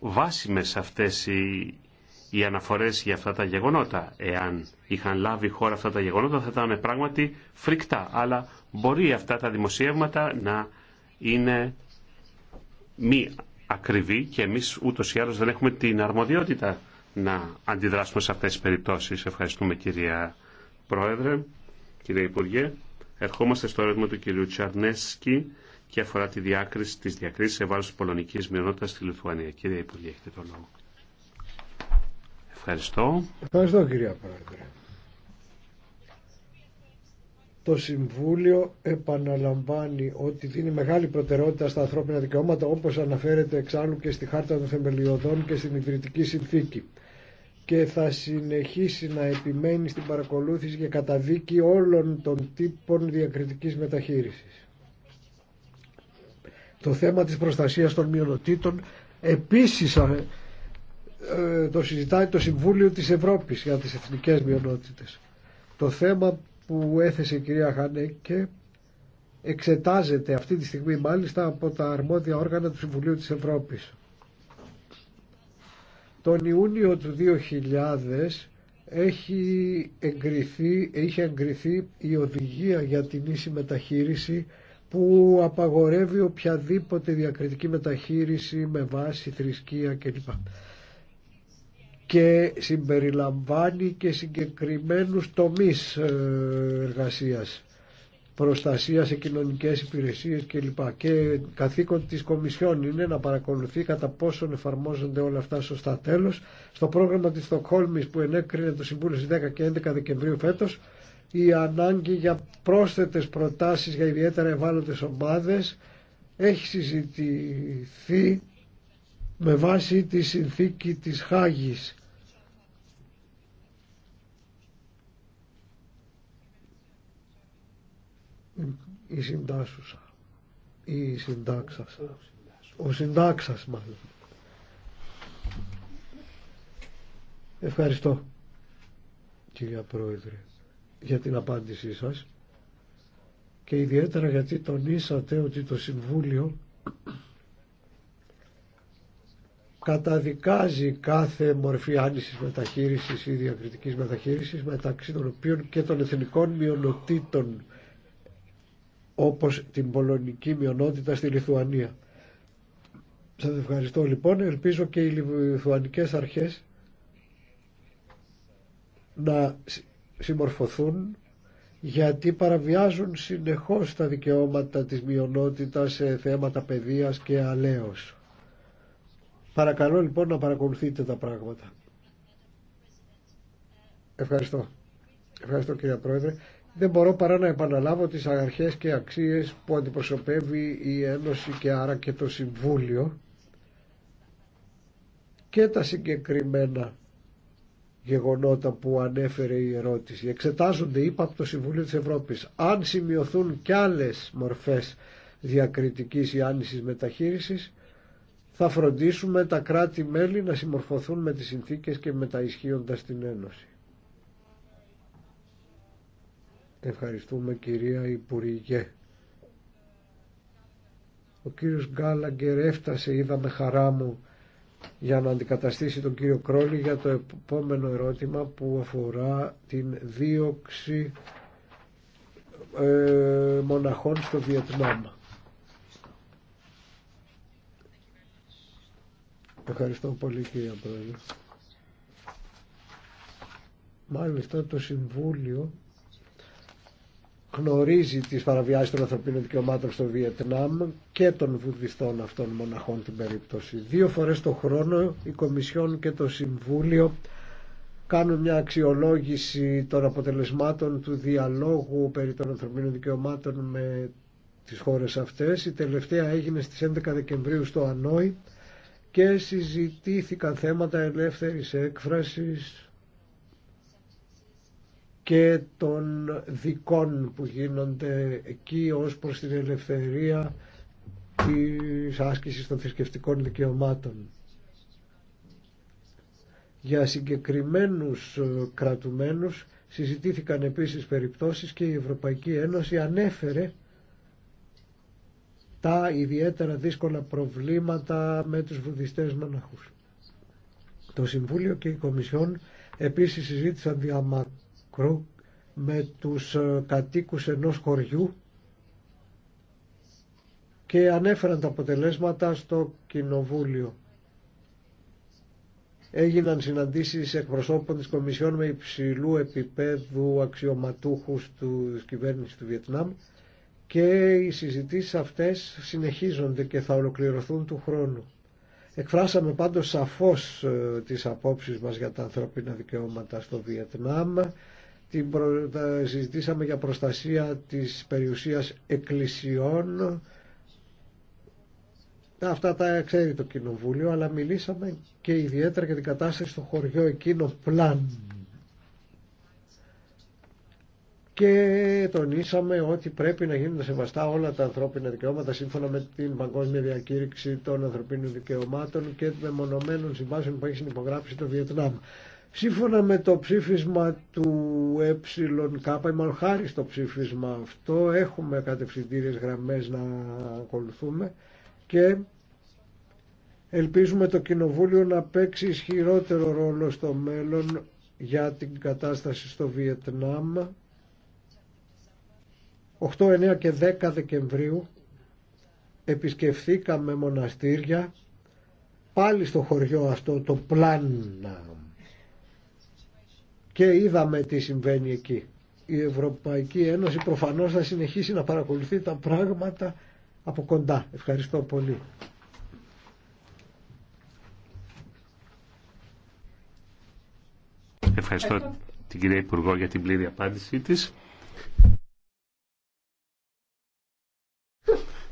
A: βάσιμες αυτές οι οι αναφορές για αυτά τα γεγονότα. Εάν είχαν λάβει χώρα αυτά τα γεγονότα θα ήταν πράγματι φρικτά. Αλλά μπορεί αυτά τα δημοσιεύματα να είναι μη ακριβή και εμείς ούτως ή άλλως δεν έχουμε την αρμοδιότητα να αντιδράσουμε σε αυτές τις περιπτώσεις. Ευχαριστούμε κυρία Πρόεδρε, κύριε Υπουργέ. Ερχόμαστε στο ερώτημα του κυρίου Τσαρνέσκι και αφορά τη διάκριση τη διακρίση σε βάρος της πολωνικής μειονότητας στη Λιθουανία. Κύριε Υπουργέ, έχετε το λόγο. Ευχαριστώ.
C: Ευχαριστώ κυρία Πρόεδρε. Το Συμβούλιο επαναλαμβάνει ότι δίνει μεγάλη προτεραιότητα στα ανθρώπινα δικαιώματα όπως αναφέρεται εξάλλου και στη Χάρτα των Θεμελιωδών και στην Ιδρυτική Συνθήκη και θα συνεχίσει να επιμένει στην παρακολούθηση και καταδίκη όλων των τύπων διακριτικής μεταχείρισης. Το θέμα της προστασίας των μειονοτήτων επίσης ε, το συζητάει το Συμβούλιο της Ευρώπης για τις εθνικές μειονότητες. Το θέμα που έθεσε η κυρία Χανέκε εξετάζεται αυτή τη στιγμή μάλιστα από τα αρμόδια όργανα του Συμβουλίου της Ευρώπης. Τον Ιούνιο του 2000 έχει εγκριθεί, είχε εγκριθεί η οδηγία για την ίση μεταχείριση που απαγορεύει οποιαδήποτε διακριτική μεταχείριση με βάση θρησκεία κλπ και συμπεριλαμβάνει και συγκεκριμένους τομείς ε, εργασίας προστασία σε κοινωνικές υπηρεσίες κλπ. Και καθήκον της Κομισιόν είναι να παρακολουθεί κατά πόσον εφαρμόζονται όλα αυτά σωστά. Τέλος, στο πρόγραμμα της Στοκχόλμης που ενέκρινε το Συμβούλιο στις 10 και 11 Δεκεμβρίου φέτος, η ανάγκη για πρόσθετες προτάσεις για ιδιαίτερα ευάλωτες ομάδες έχει συζητηθεί με βάση τη συνθήκη της Χάγης η συντάσουσα ή η συντάξασα ο συντάξας μάλλον ευχαριστώ κυρία Πρόεδρε για την απάντησή σας και ιδιαίτερα γιατί τονίσατε ότι το Συμβούλιο καταδικάζει κάθε μορφή άνησης μεταχείρισης ή διακριτικής μεταχείρισης μεταξύ των οποίων και των εθνικών μειονοτήτων όπως την πολωνική μειονότητα στη Λιθουανία. Σας ευχαριστώ λοιπόν. Ελπίζω και οι λιθουανικές αρχές να συμμορφωθούν γιατί παραβιάζουν συνεχώς τα δικαιώματα της μειονότητας σε θέματα παιδείας και αλέως. Παρακαλώ λοιπόν να παρακολουθείτε τα πράγματα. Ευχαριστώ. Ευχαριστώ κύριε Πρόεδρε δεν μπορώ παρά να επαναλάβω τις αρχές και αξίες που αντιπροσωπεύει η Ένωση και άρα και το Συμβούλιο και τα συγκεκριμένα γεγονότα που ανέφερε η ερώτηση. Εξετάζονται, είπα, από το Συμβούλιο της Ευρώπης. Αν σημειωθούν κι άλλες μορφές διακριτικής ή άνησης μεταχείρισης, θα φροντίσουμε τα κράτη-μέλη να συμμορφωθούν με τις συνθήκες και με τα στην Ένωση. Ευχαριστούμε κυρία Υπουργέ. Ο κύριος Γκάλαγκερ έφτασε, είδαμε χαρά μου, για να αντικαταστήσει τον κύριο Κρόλη για το επόμενο ερώτημα που αφορά την δίωξη ε, μοναχών στο Βιετνάμ. Ευχαριστώ πολύ κύριε Πρόεδρε. Μάλιστα το Συμβούλιο γνωρίζει τις παραβιάσεις των ανθρωπίνων δικαιωμάτων στο Βιετνάμ και των βουδιστών αυτών μοναχών την περίπτωση. Δύο φορές το χρόνο η Κομισιόν και το Συμβούλιο κάνουν μια αξιολόγηση των αποτελεσμάτων του διαλόγου περί των ανθρωπίνων δικαιωμάτων με τις χώρες αυτές. Η τελευταία έγινε στις 11 Δεκεμβρίου στο Ανόη και συζητήθηκαν θέματα ελεύθερης έκφρασης, και των δικών που γίνονται εκεί ως προς την ελευθερία της άσκησης των θρησκευτικών δικαιωμάτων. Για συγκεκριμένους ε, κρατουμένους συζητήθηκαν επίσης περιπτώσεις και η Ευρωπαϊκή Ένωση ανέφερε τα ιδιαίτερα δύσκολα προβλήματα με τους βουδιστές μοναχούς. Το Συμβούλιο και η Κομισιόν επίσης συζήτησαν διαμα με τους ε, κατοίκους ενός χωριού και ανέφεραν τα αποτελέσματα στο Κοινοβούλιο. Έγιναν συναντήσεις εκπροσώπων της Κομισιόν με υψηλού επίπεδου αξιωματούχους του κυβέρνηση του Βιετνάμ και οι συζητήσεις αυτές συνεχίζονται και θα ολοκληρωθούν του χρόνου. Εκφράσαμε πάντως σαφώς ε, τις απόψεις μας για τα ανθρώπινα δικαιώματα στο Βιετνάμ την προ... συζητήσαμε για προστασία της περιουσίας εκκλησιών. Αυτά τα ξέρει το Κοινοβούλιο, αλλά μιλήσαμε και ιδιαίτερα για την κατάσταση στο χωριό εκείνο πλάν. Και τονίσαμε ότι πρέπει να γίνουν σεβαστά όλα τα ανθρώπινα δικαιώματα σύμφωνα με την Παγκόσμια Διακήρυξη των Ανθρωπίνων Δικαιωμάτων και των μονομένων συμβάσεων που έχει συνυπογράψει το Βιετνάμ. Σύμφωνα με το ψήφισμα του ΕΚ, μάλλον χάρη στο ψήφισμα αυτό, έχουμε κατευθυντήριε γραμμές να ακολουθούμε και ελπίζουμε το Κοινοβούλιο να παίξει ισχυρότερο ρόλο στο μέλλον για την κατάσταση στο Βιετνάμ 8, 9 και 10 Δεκεμβρίου επισκεφθήκαμε μοναστήρια πάλι στο χωριό αυτό το Πλάνναμ και είδαμε τι συμβαίνει εκεί. Η Ευρωπαϊκή Ένωση προφανώς θα συνεχίσει να παρακολουθεί τα πράγματα από κοντά. Ευχαριστώ πολύ.
A: Ευχαριστώ, την κυρία Υπουργό για την πλήρη απάντησή της.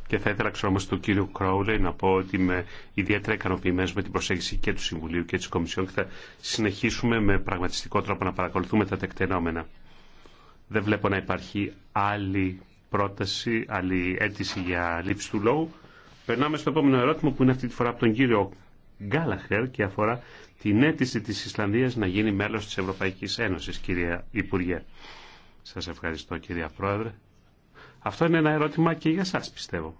A: Και θα ήθελα όμως, του κύριου Κρόουλε να πω ότι είμαι ιδιαίτερα ικανοποιημένο με την προσέγγιση και του Συμβουλίου και τη Κομισιόν και θα συνεχίσουμε με πραγματιστικό τρόπο να παρακολουθούμε τα τεκτενόμενα. Δεν βλέπω να υπάρχει άλλη πρόταση, άλλη αίτηση για λήψη του λόγου. Περνάμε στο επόμενο ερώτημα που είναι αυτή τη φορά από τον κύριο Γκάλαχερ και αφορά την αίτηση της Ισλανδίας να γίνει μέλος της Ευρωπαϊκής Ένωσης, κύριε Υπουργέ. Σας ευχαριστώ, κυρία Πρόεδρε. Αυτό είναι ένα ερώτημα και για σας πιστεύω.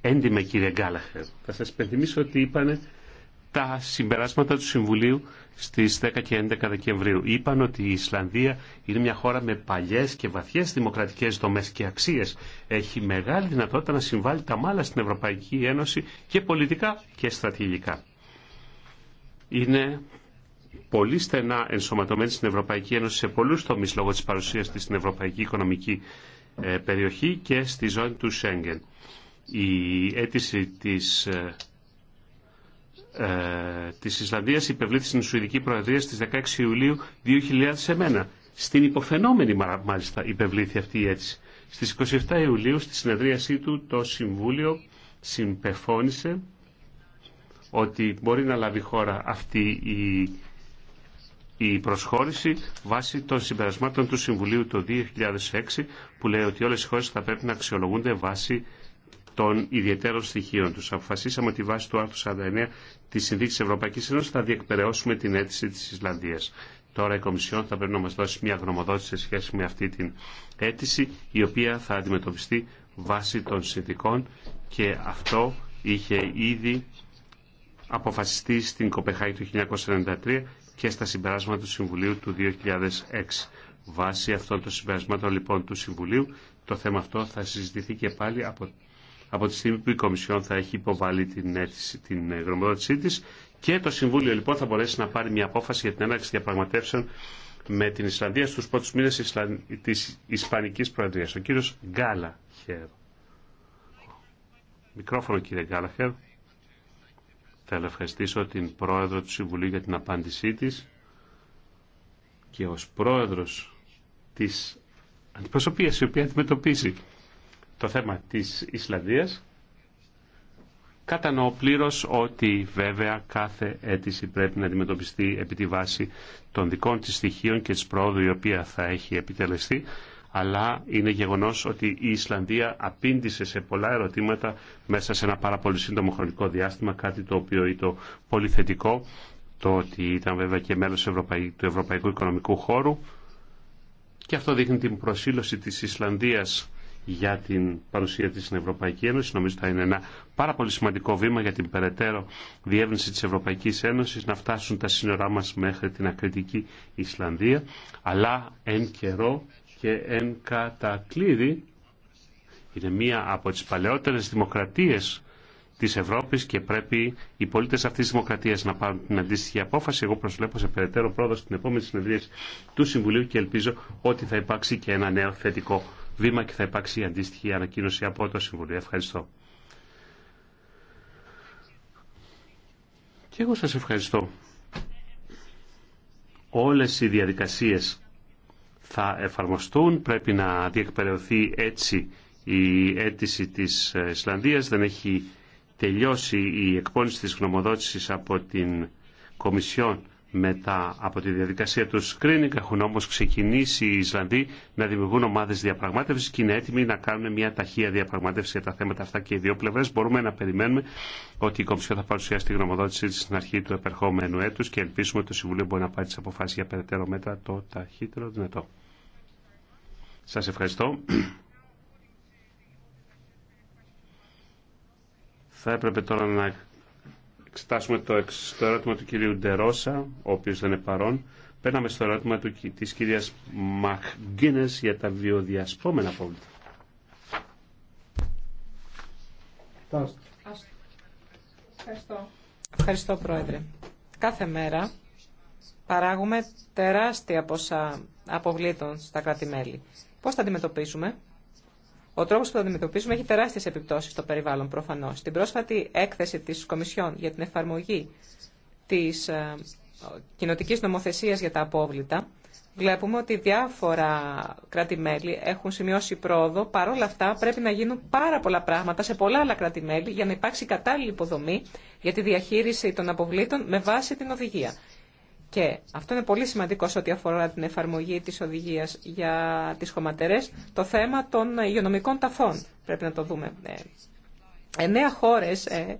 A: Έντιμε κύριε Γκάλαχερ, θα σας υπενθυμίσω ότι είπανε τα συμπεράσματα του Συμβουλίου στις 10 και 11 Δεκεμβρίου. Είπαν ότι η Ισλανδία είναι μια χώρα με παλιές και βαθιές δημοκρατικές δομές και αξίες. Έχει μεγάλη δυνατότητα να συμβάλλει τα μάλα στην Ευρωπαϊκή Ένωση και πολιτικά και στρατηγικά. Είναι πολύ στενά ενσωματωμένη στην Ευρωπαϊκή Ένωση σε πολλούς τομεί λόγω τη παρουσίας τη στην Ευρωπαϊκή Οικονομική ε, Περιοχή και στη ζώνη του Σέγγεν. Η αίτηση της, ε, ε της Ισλανδίας υπευλήθη στην Σουηδική Προεδρία στις 16 Ιουλίου 2001. Στην υποφαινόμενη μάλιστα υπευλήθη αυτή η αίτηση. Στις 27 Ιουλίου στη συνεδρίασή του το Συμβούλιο συμπεφώνησε ότι μπορεί να λάβει χώρα αυτή η η προσχώρηση βάσει των συμπερασμάτων του Συμβουλίου το 2006 που λέει ότι όλες οι χώρες θα πρέπει να αξιολογούνται βάσει των ιδιαίτερων στοιχείων τους. Αποφασίσαμε ότι βάσει του άρθρου 49 της Συνδίκης Ευρωπαϊκής Ένωσης θα διεκπαιρεώσουμε την αίτηση της Ισλανδίας. Τώρα η Κομισιόν θα πρέπει να μας δώσει μια γνωμοδότηση σε σχέση με αυτή την αίτηση η οποία θα αντιμετωπιστεί βάσει των συνδικών και αυτό είχε ήδη αποφασιστεί στην Κοπεχάη του 1993 και στα συμπεράσματα του Συμβουλίου του 2006. Βάσει αυτών των συμπερασμάτων λοιπόν του Συμβουλίου, το θέμα αυτό θα συζητηθεί και πάλι από, από τη στιγμή που η Κομισιόν θα έχει υποβάλει την, αίτηση, την ε, γνωμοδότησή και το Συμβούλιο λοιπόν θα μπορέσει να πάρει μια απόφαση για την έναρξη διαπραγματεύσεων με την Ισλανδία στους πρώτους μήνες της Ισπανικής Προεδρίας. Ο κύριος Γκάλαχερ. Μικρόφωνο κύριε Γκάλαχερ. Θα να ευχαριστήσω την Πρόεδρο του Συμβουλίου για την απάντησή της και ως Πρόεδρος της αντιπροσωπείας η οποία αντιμετωπίζει το θέμα της Ισλανδίας κατανοώ πλήρω ότι βέβαια κάθε αίτηση πρέπει να αντιμετωπιστεί επί τη βάση των δικών της στοιχείων και της πρόοδου η οποία θα έχει επιτελεστεί αλλά είναι γεγονός ότι η Ισλανδία απήντησε σε πολλά ερωτήματα μέσα σε ένα πάρα πολύ σύντομο χρονικό διάστημα, κάτι το οποίο ήταν πολύ θετικό, το ότι ήταν βέβαια και μέλος του Ευρωπαϊκού Οικονομικού Χώρου και αυτό δείχνει την προσήλωση της Ισλανδίας για την παρουσία της στην Ευρωπαϊκή Ένωση. Νομίζω θα είναι ένα πάρα πολύ σημαντικό βήμα για την περαιτέρω διεύρυνση της Ευρωπαϊκής Ένωσης να φτάσουν τα σύνορά μας μέχρι την ακριτική Ισλανδία. Αλλά εν καιρό και εν κατακλείδη είναι μία από τις παλαιότερες δημοκρατίες της Ευρώπης και πρέπει οι πολίτες αυτής της δημοκρατίας να πάρουν την αντίστοιχη απόφαση. Εγώ προσβλέπω σε περαιτέρω πρόοδο στην επόμενη συνεδρία του Συμβουλίου και ελπίζω ότι θα υπάρξει και ένα νέο θετικό βήμα και θα υπάρξει η αντίστοιχη ανακοίνωση από το Συμβουλίο. Ευχαριστώ. Και εγώ σας ευχαριστώ. Όλες οι διαδικασίες θα εφαρμοστούν. Πρέπει να διεκπαιρεωθεί έτσι η αίτηση της Ισλανδίας. Δεν έχει τελειώσει η εκπόνηση της γνωμοδότησης από την Κομισιόν μετά από τη διαδικασία του screening. Έχουν όμως ξεκινήσει οι Ισλανδοί να δημιουργούν ομάδες διαπραγμάτευσης και είναι έτοιμοι να κάνουν μια ταχεία διαπραγμάτευση για τα θέματα αυτά και οι δύο πλευρές. Μπορούμε να περιμένουμε ότι η Κομισιόν θα παρουσιάσει τη γνωμοδότησή της στην αρχή του επερχόμενου έτους και ελπίσουμε ότι το Συμβουλίο μπορεί να πάρει τις αποφάσεις για περαιτέρω μέτρα το ταχύτερο δυνατό. Σας ευχαριστώ. Θα έπρεπε τώρα να εξετάσουμε το, το ερώτημα του κυρίου Ντερόσα, ο οποίος δεν είναι παρόν. Παίρναμε στο ερώτημα του, της κυρίας Μαχγκίνες για τα βιοδιασπόμενα απόβλητα.
B: Ευχαριστώ. Ευχαριστώ, Πρόεδρε. Κάθε μέρα παράγουμε τεράστια ποσά αποβλήτων στα κράτη-μέλη. Πώ θα αντιμετωπίσουμε. Ο τρόπο που θα αντιμετωπίσουμε έχει τεράστιε επιπτώσει στο περιβάλλον προφανώ. Στην πρόσφατη έκθεση τη Κομισιόν για την εφαρμογή τη ε, κοινοτική νομοθεσία για τα απόβλητα, βλέπουμε ότι διάφορα κράτη-μέλη έχουν σημειώσει πρόοδο. Παρ' όλα αυτά, πρέπει να γίνουν πάρα πολλά πράγματα σε πολλά άλλα κράτη-μέλη για να υπάρξει κατάλληλη υποδομή για τη διαχείριση των αποβλήτων με βάση την οδηγία. Και αυτό είναι πολύ σημαντικό σε ό,τι αφορά την εφαρμογή της οδηγίας για τις χωματερές. Το θέμα των υγειονομικών ταφών πρέπει να το δούμε. Ε, εννέα χώρες ε,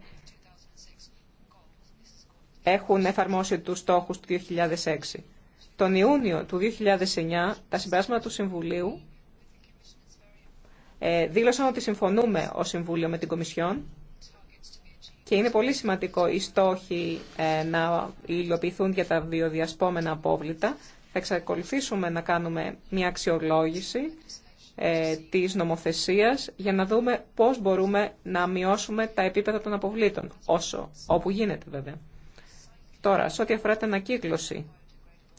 B: έχουν εφαρμόσει τους στόχους του 2006. Τον Ιούνιο του 2009 τα συμπράσματα του Συμβουλίου ε, δήλωσαν ότι συμφωνούμε ο Συμβούλιο με την Κομισιόν και είναι πολύ σημαντικό οι στόχοι ε, να υλοποιηθούν για τα βιοδιασπόμενα απόβλητα. Θα εξακολουθήσουμε να κάνουμε μια αξιολόγηση ε, της νομοθεσίας για να δούμε πώς μπορούμε να μειώσουμε τα επίπεδα των αποβλήτων, όσο, όπου γίνεται βέβαια. Τώρα, σε ό,τι αφορά την ανακύκλωση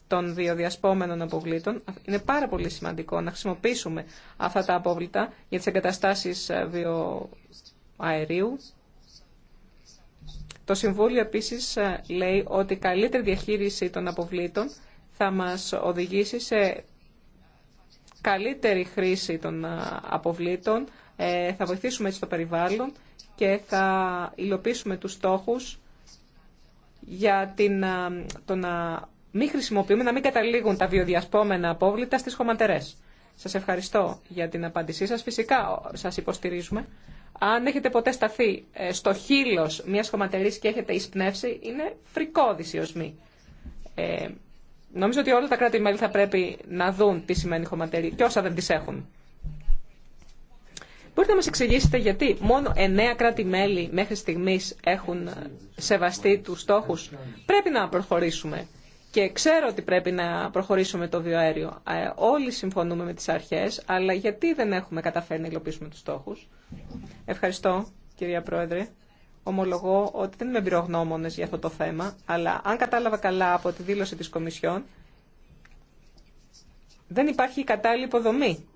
B: των βιοδιασπόμενων αποβλήτων, είναι πάρα πολύ σημαντικό να χρησιμοποιήσουμε αυτά τα απόβλητα για τις εγκαταστάσεις ε, βιοαερίου, το Συμβούλιο επίσης ε, λέει ότι η καλύτερη διαχείριση των αποβλήτων θα μας οδηγήσει σε καλύτερη χρήση των ε, αποβλήτων, ε, θα βοηθήσουμε έτσι το περιβάλλον και θα υλοποιήσουμε τους στόχους για την, το να μην χρησιμοποιούμε, να μην καταλήγουν τα βιοδιασπόμενα απόβλητα στις χωματερές. Σας ευχαριστώ για την απάντησή σας. Φυσικά σας υποστηρίζουμε, αν έχετε ποτέ σταθεί ε, στο χείλο μια χωματερή και έχετε εισπνεύσει, είναι φρικόδηση ως Ε, νομίζω ότι όλα τα κράτη-μέλη θα πρέπει να δουν τι σημαίνει χωματερή και όσα δεν τι έχουν. Μπορείτε να μας εξηγήσετε γιατί μόνο εννέα κράτη-μέλη μέχρι στιγμής έχουν ε, σεβαστεί τους στόχους. Πρέπει να προχωρήσουμε. Και ξέρω ότι πρέπει να προχωρήσουμε το βιοαέριο. Ε, όλοι συμφωνούμε με τις αρχές, αλλά γιατί δεν έχουμε καταφέρει να υλοποιήσουμε τους στόχους. Ευχαριστώ, κυρία Πρόεδρε. Ομολογώ ότι δεν είμαι εμπειρογνώμονε για αυτό το θέμα, αλλά αν κατάλαβα καλά από τη δήλωση τη Κομισιόν, δεν υπάρχει κατάλληλη υποδομή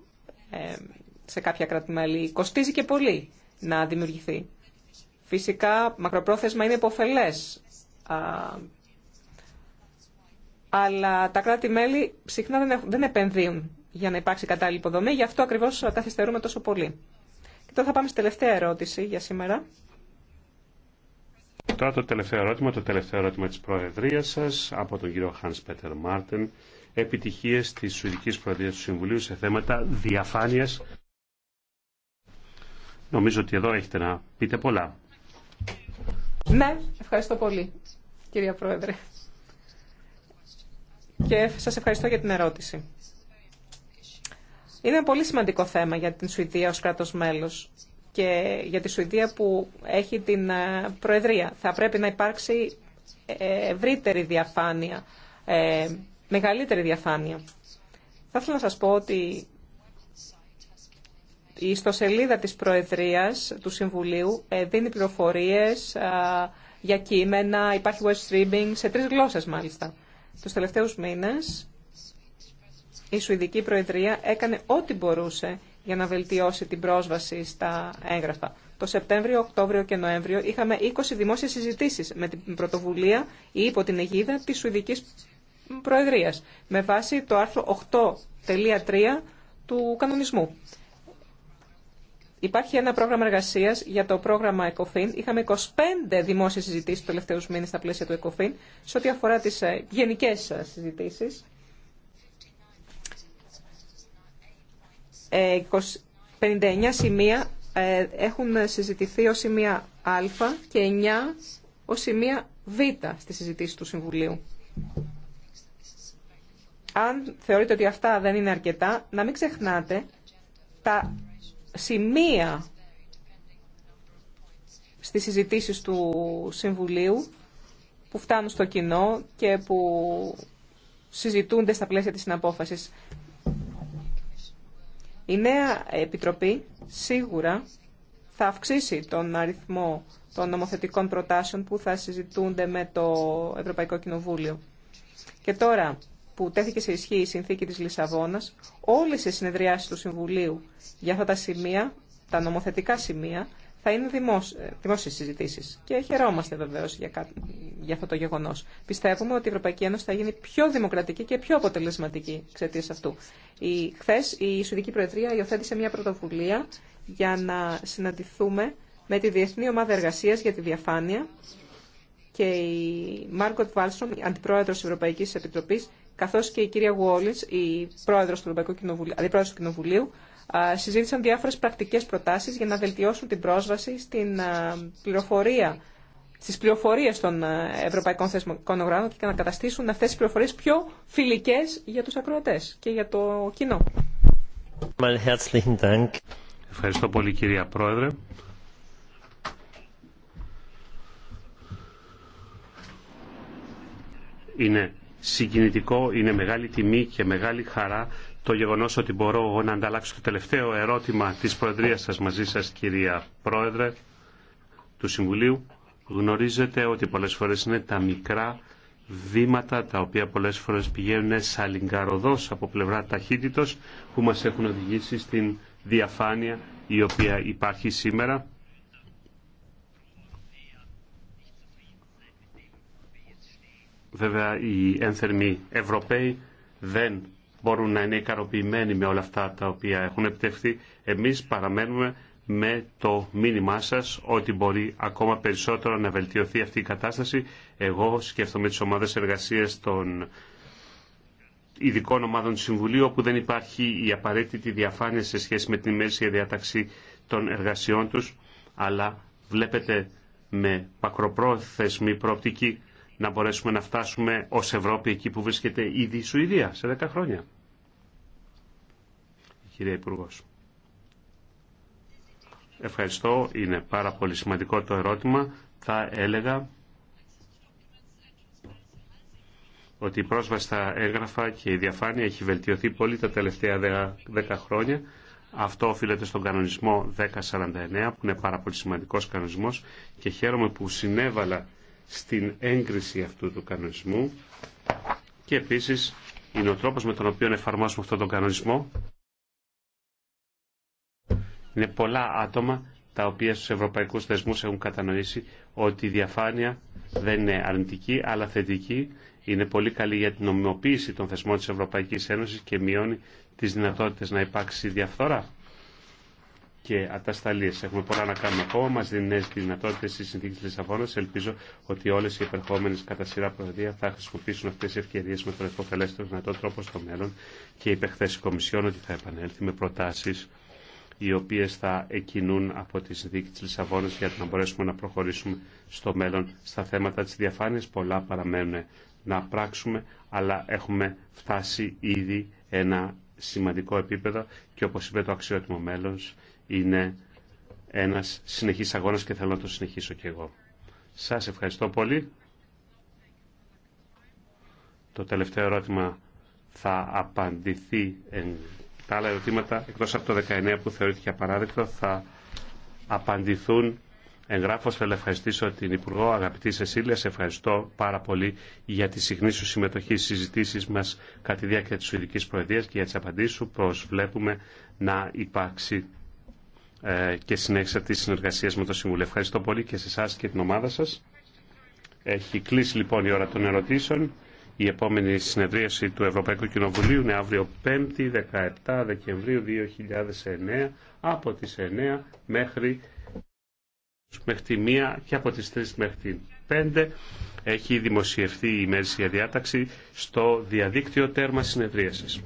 B: ε, σε κάποια κρατημέλη. Κοστίζει και πολύ να δημιουργηθεί. Φυσικά, μακροπρόθεσμα είναι υποφελέ. Αλλά τα κράτη-μέλη συχνά δεν επενδύουν για να υπάρξει κατάλληλη υποδομή, γι' αυτό ακριβώ καθυστερούμε τόσο πολύ. Τώρα θα πάμε στη τελευταία ερώτηση για σήμερα.
A: Τώρα το τελευταίο ερώτημα, το τελευταίο ερώτημα της Προεδρίας σας από τον κύριο Hans Peter Μάρτεν. Επιτυχίες της Σουηδικής Προεδρίας του Συμβουλίου σε θέματα διαφάνειας. Νομίζω ότι εδώ έχετε να πείτε πολλά.
B: Ναι, ευχαριστώ πολύ, κυρία Πρόεδρε. Και σας ευχαριστώ για την ερώτηση. Είναι ένα πολύ σημαντικό θέμα για την Σουηδία ως κράτος μέλος και για τη Σουηδία που έχει την ε, Προεδρία. Θα πρέπει να υπάρξει ε, ευρύτερη διαφάνεια, ε, μεγαλύτερη διαφάνεια. Θα ήθελα να σας πω ότι η ιστοσελίδα της Προεδρίας του Συμβουλίου δίνει πληροφορίες για κείμενα, υπάρχει web streaming σε τρεις γλώσσες μάλιστα. Τους τελευταίους μήνες η Σουηδική Προεδρία έκανε ό,τι μπορούσε για να βελτιώσει την πρόσβαση στα έγγραφα. Το Σεπτέμβριο, Οκτώβριο και Νοέμβριο είχαμε 20 δημόσιες συζητήσεις με την πρωτοβουλία ή υπό την αιγίδα της Σουηδικής Προεδρίας με βάση το άρθρο 8.3 του κανονισμού. Υπάρχει ένα πρόγραμμα εργασία για το πρόγραμμα ECOFIN. Είχαμε 25 δημόσιε συζητήσει του τελευταίου μήνε στα πλαίσια του ECOFIN σε ό,τι αφορά τι ε, γενικέ ε, συζητήσει 59 ε, σημεία ε, έχουν συζητηθεί ως σημεία α και 9 ως σημεία β στη συζητήση του Συμβουλίου. Αν θεωρείτε ότι αυτά δεν είναι αρκετά, να μην ξεχνάτε τα σημεία στις συζητήσεις του Συμβουλίου που φτάνουν στο κοινό και που συζητούνται στα πλαίσια της συναπόφασης. Η νέα Επιτροπή σίγουρα θα αυξήσει τον αριθμό των νομοθετικών προτάσεων που θα συζητούνται με το Ευρωπαϊκό Κοινοβούλιο. Και τώρα που τέθηκε σε ισχύ η συνθήκη της Λισαβόνας, όλες οι συνεδριάσεις του Συμβουλίου για αυτά τα σημεία, τα νομοθετικά σημεία, θα είναι δημόσιες συζητήσεις. Και χαιρόμαστε βεβαίως για, για αυτό το γεγονός. Πιστεύουμε ότι η Ευρωπαϊκή Ένωση θα γίνει πιο δημοκρατική και πιο αποτελεσματική εξαιτία αυτού. Η... Χθες η Σουηδική Προεδρία υιοθέτησε μια πρωτοβουλία για να συναντηθούμε με τη Διεθνή Ομάδα Εργασίας για τη Διαφάνεια και η Μάρκοτ Βάλστρομ, Αντιπρόεδρος της Ευρωπαϊκής Επιτροπής, καθώς και η κυρία Γουόλιτς, η πρόεδρος του Ευρωπαϊκού Αντιπρόεδρος του Κοινοβουλίου, συζήτησαν διάφορες πρακτικές προτάσεις για να βελτιώσουν την πρόσβαση στην πληροφορία, στις πληροφορίες των ευρωπαϊκών θεσμικών οργάνων και να καταστήσουν αυτές τις πληροφορίες πιο φιλικές για τους ακροατές και για το κοινό.
A: Ευχαριστώ πολύ κυρία Πρόεδρε. Είναι συγκινητικό, είναι μεγάλη τιμή και μεγάλη χαρά το γεγονός ότι μπορώ να ανταλλάξω το τελευταίο ερώτημα της Προεδρίας σας μαζί σας κυρία Πρόεδρε του Συμβουλίου. Γνωρίζετε ότι πολλές φορές είναι τα μικρά βήματα τα οποία πολλές φορές πηγαίνουν σαλιγκαροδός από πλευρά ταχύτητος που μας έχουν οδηγήσει στην διαφάνεια η οποία υπάρχει σήμερα. Βέβαια οι ένθερμοι Ευρωπαίοι δεν μπορούν να είναι ικανοποιημένοι με όλα αυτά τα οποία έχουν επιτευχθεί. Εμείς παραμένουμε με το μήνυμά σας ότι μπορεί ακόμα περισσότερο να βελτιωθεί αυτή η κατάσταση. Εγώ σκέφτομαι τις ομάδες εργασίας των ειδικών ομάδων του Συμβουλίου όπου δεν υπάρχει η απαραίτητη διαφάνεια σε σχέση με την μέση διάταξη των εργασιών τους αλλά βλέπετε με μακροπρόθεσμη προοπτική να μπορέσουμε να φτάσουμε ως Ευρώπη εκεί που βρίσκεται ήδη η Σουηδία σε 10 χρόνια κυρία Υπουργό. Ευχαριστώ. Είναι πάρα πολύ σημαντικό το ερώτημα. Θα έλεγα ότι η πρόσβαση στα έγγραφα και η διαφάνεια έχει βελτιωθεί πολύ τα τελευταία 10 χρόνια. Αυτό οφείλεται στον κανονισμό 1049 που είναι πάρα πολύ σημαντικός κανονισμός και χαίρομαι που συνέβαλα στην έγκριση αυτού του κανονισμού και επίσης είναι ο τρόπος με τον οποίο εφαρμόσουμε αυτόν τον κανονισμό είναι πολλά άτομα τα οποία στους ευρωπαϊκούς θεσμούς έχουν κατανοήσει ότι η διαφάνεια δεν είναι αρνητική αλλά θετική. Είναι πολύ καλή για την νομιμοποίηση των θεσμών της Ευρωπαϊκής Ένωσης και μειώνει τις δυνατότητες να υπάρξει διαφθορά και ατασταλίες. Έχουμε πολλά να κάνουμε ακόμα. Μας δίνει νέες δυνατότητες στη συνθήκη της Λισαβόνας. Ελπίζω ότι όλες οι επερχόμενες κατά σειρά προεδρία θα χρησιμοποιήσουν αυτές τις ευκαιρίες με τον επωφελέστερο δυνατό τρόπο στο μέλλον και υπεχθέσει η Κομισιόν ότι θα επανέλθει με προτάσεις οι οποίες θα εκκινούν από τη συνθήκη της Λισαβόνας για να μπορέσουμε να προχωρήσουμε στο μέλλον στα θέματα της διαφάνειας. Πολλά παραμένουν να πράξουμε, αλλά έχουμε φτάσει ήδη ένα σημαντικό επίπεδο και όπως είπε το αξιότιμο μέλος είναι ένας συνεχής αγώνας και θέλω να το συνεχίσω κι εγώ. Σας ευχαριστώ πολύ. Το τελευταίο ερώτημα θα απαντηθεί εν τα άλλα ερωτήματα εκτός από το 19 που θεωρήθηκε απαράδεκτο θα απαντηθούν εγγράφως. Θέλω ευχαριστήσω την Υπουργό, αγαπητή Σεσίλια, σε ευχαριστώ πάρα πολύ για τη συχνή σου συμμετοχή στις συζητήσεις μας κατά τη διάρκεια της Σουηδικής Προεδρίας και για τις απαντήσεις σου προσβλέπουμε να υπάρξει ε, και συνέχισα τη συνεργασία με το Συμβούλιο. Ευχαριστώ πολύ και σε εσά και την ομάδα σας. Έχει κλείσει λοιπόν η ώρα των ερωτήσεων. Η επόμενη συνεδρίαση του Ευρωπαϊκού Κοινοβουλίου είναι αύριο 5η 17 Δεκεμβρίου 2009 από τις 9 μέχρι, μέχρι τη 1 και από τις 3 μέχρι τη 5 έχει δημοσιευθεί η μέση διάταξη στο διαδίκτυο τέρμα συνεδρίασης.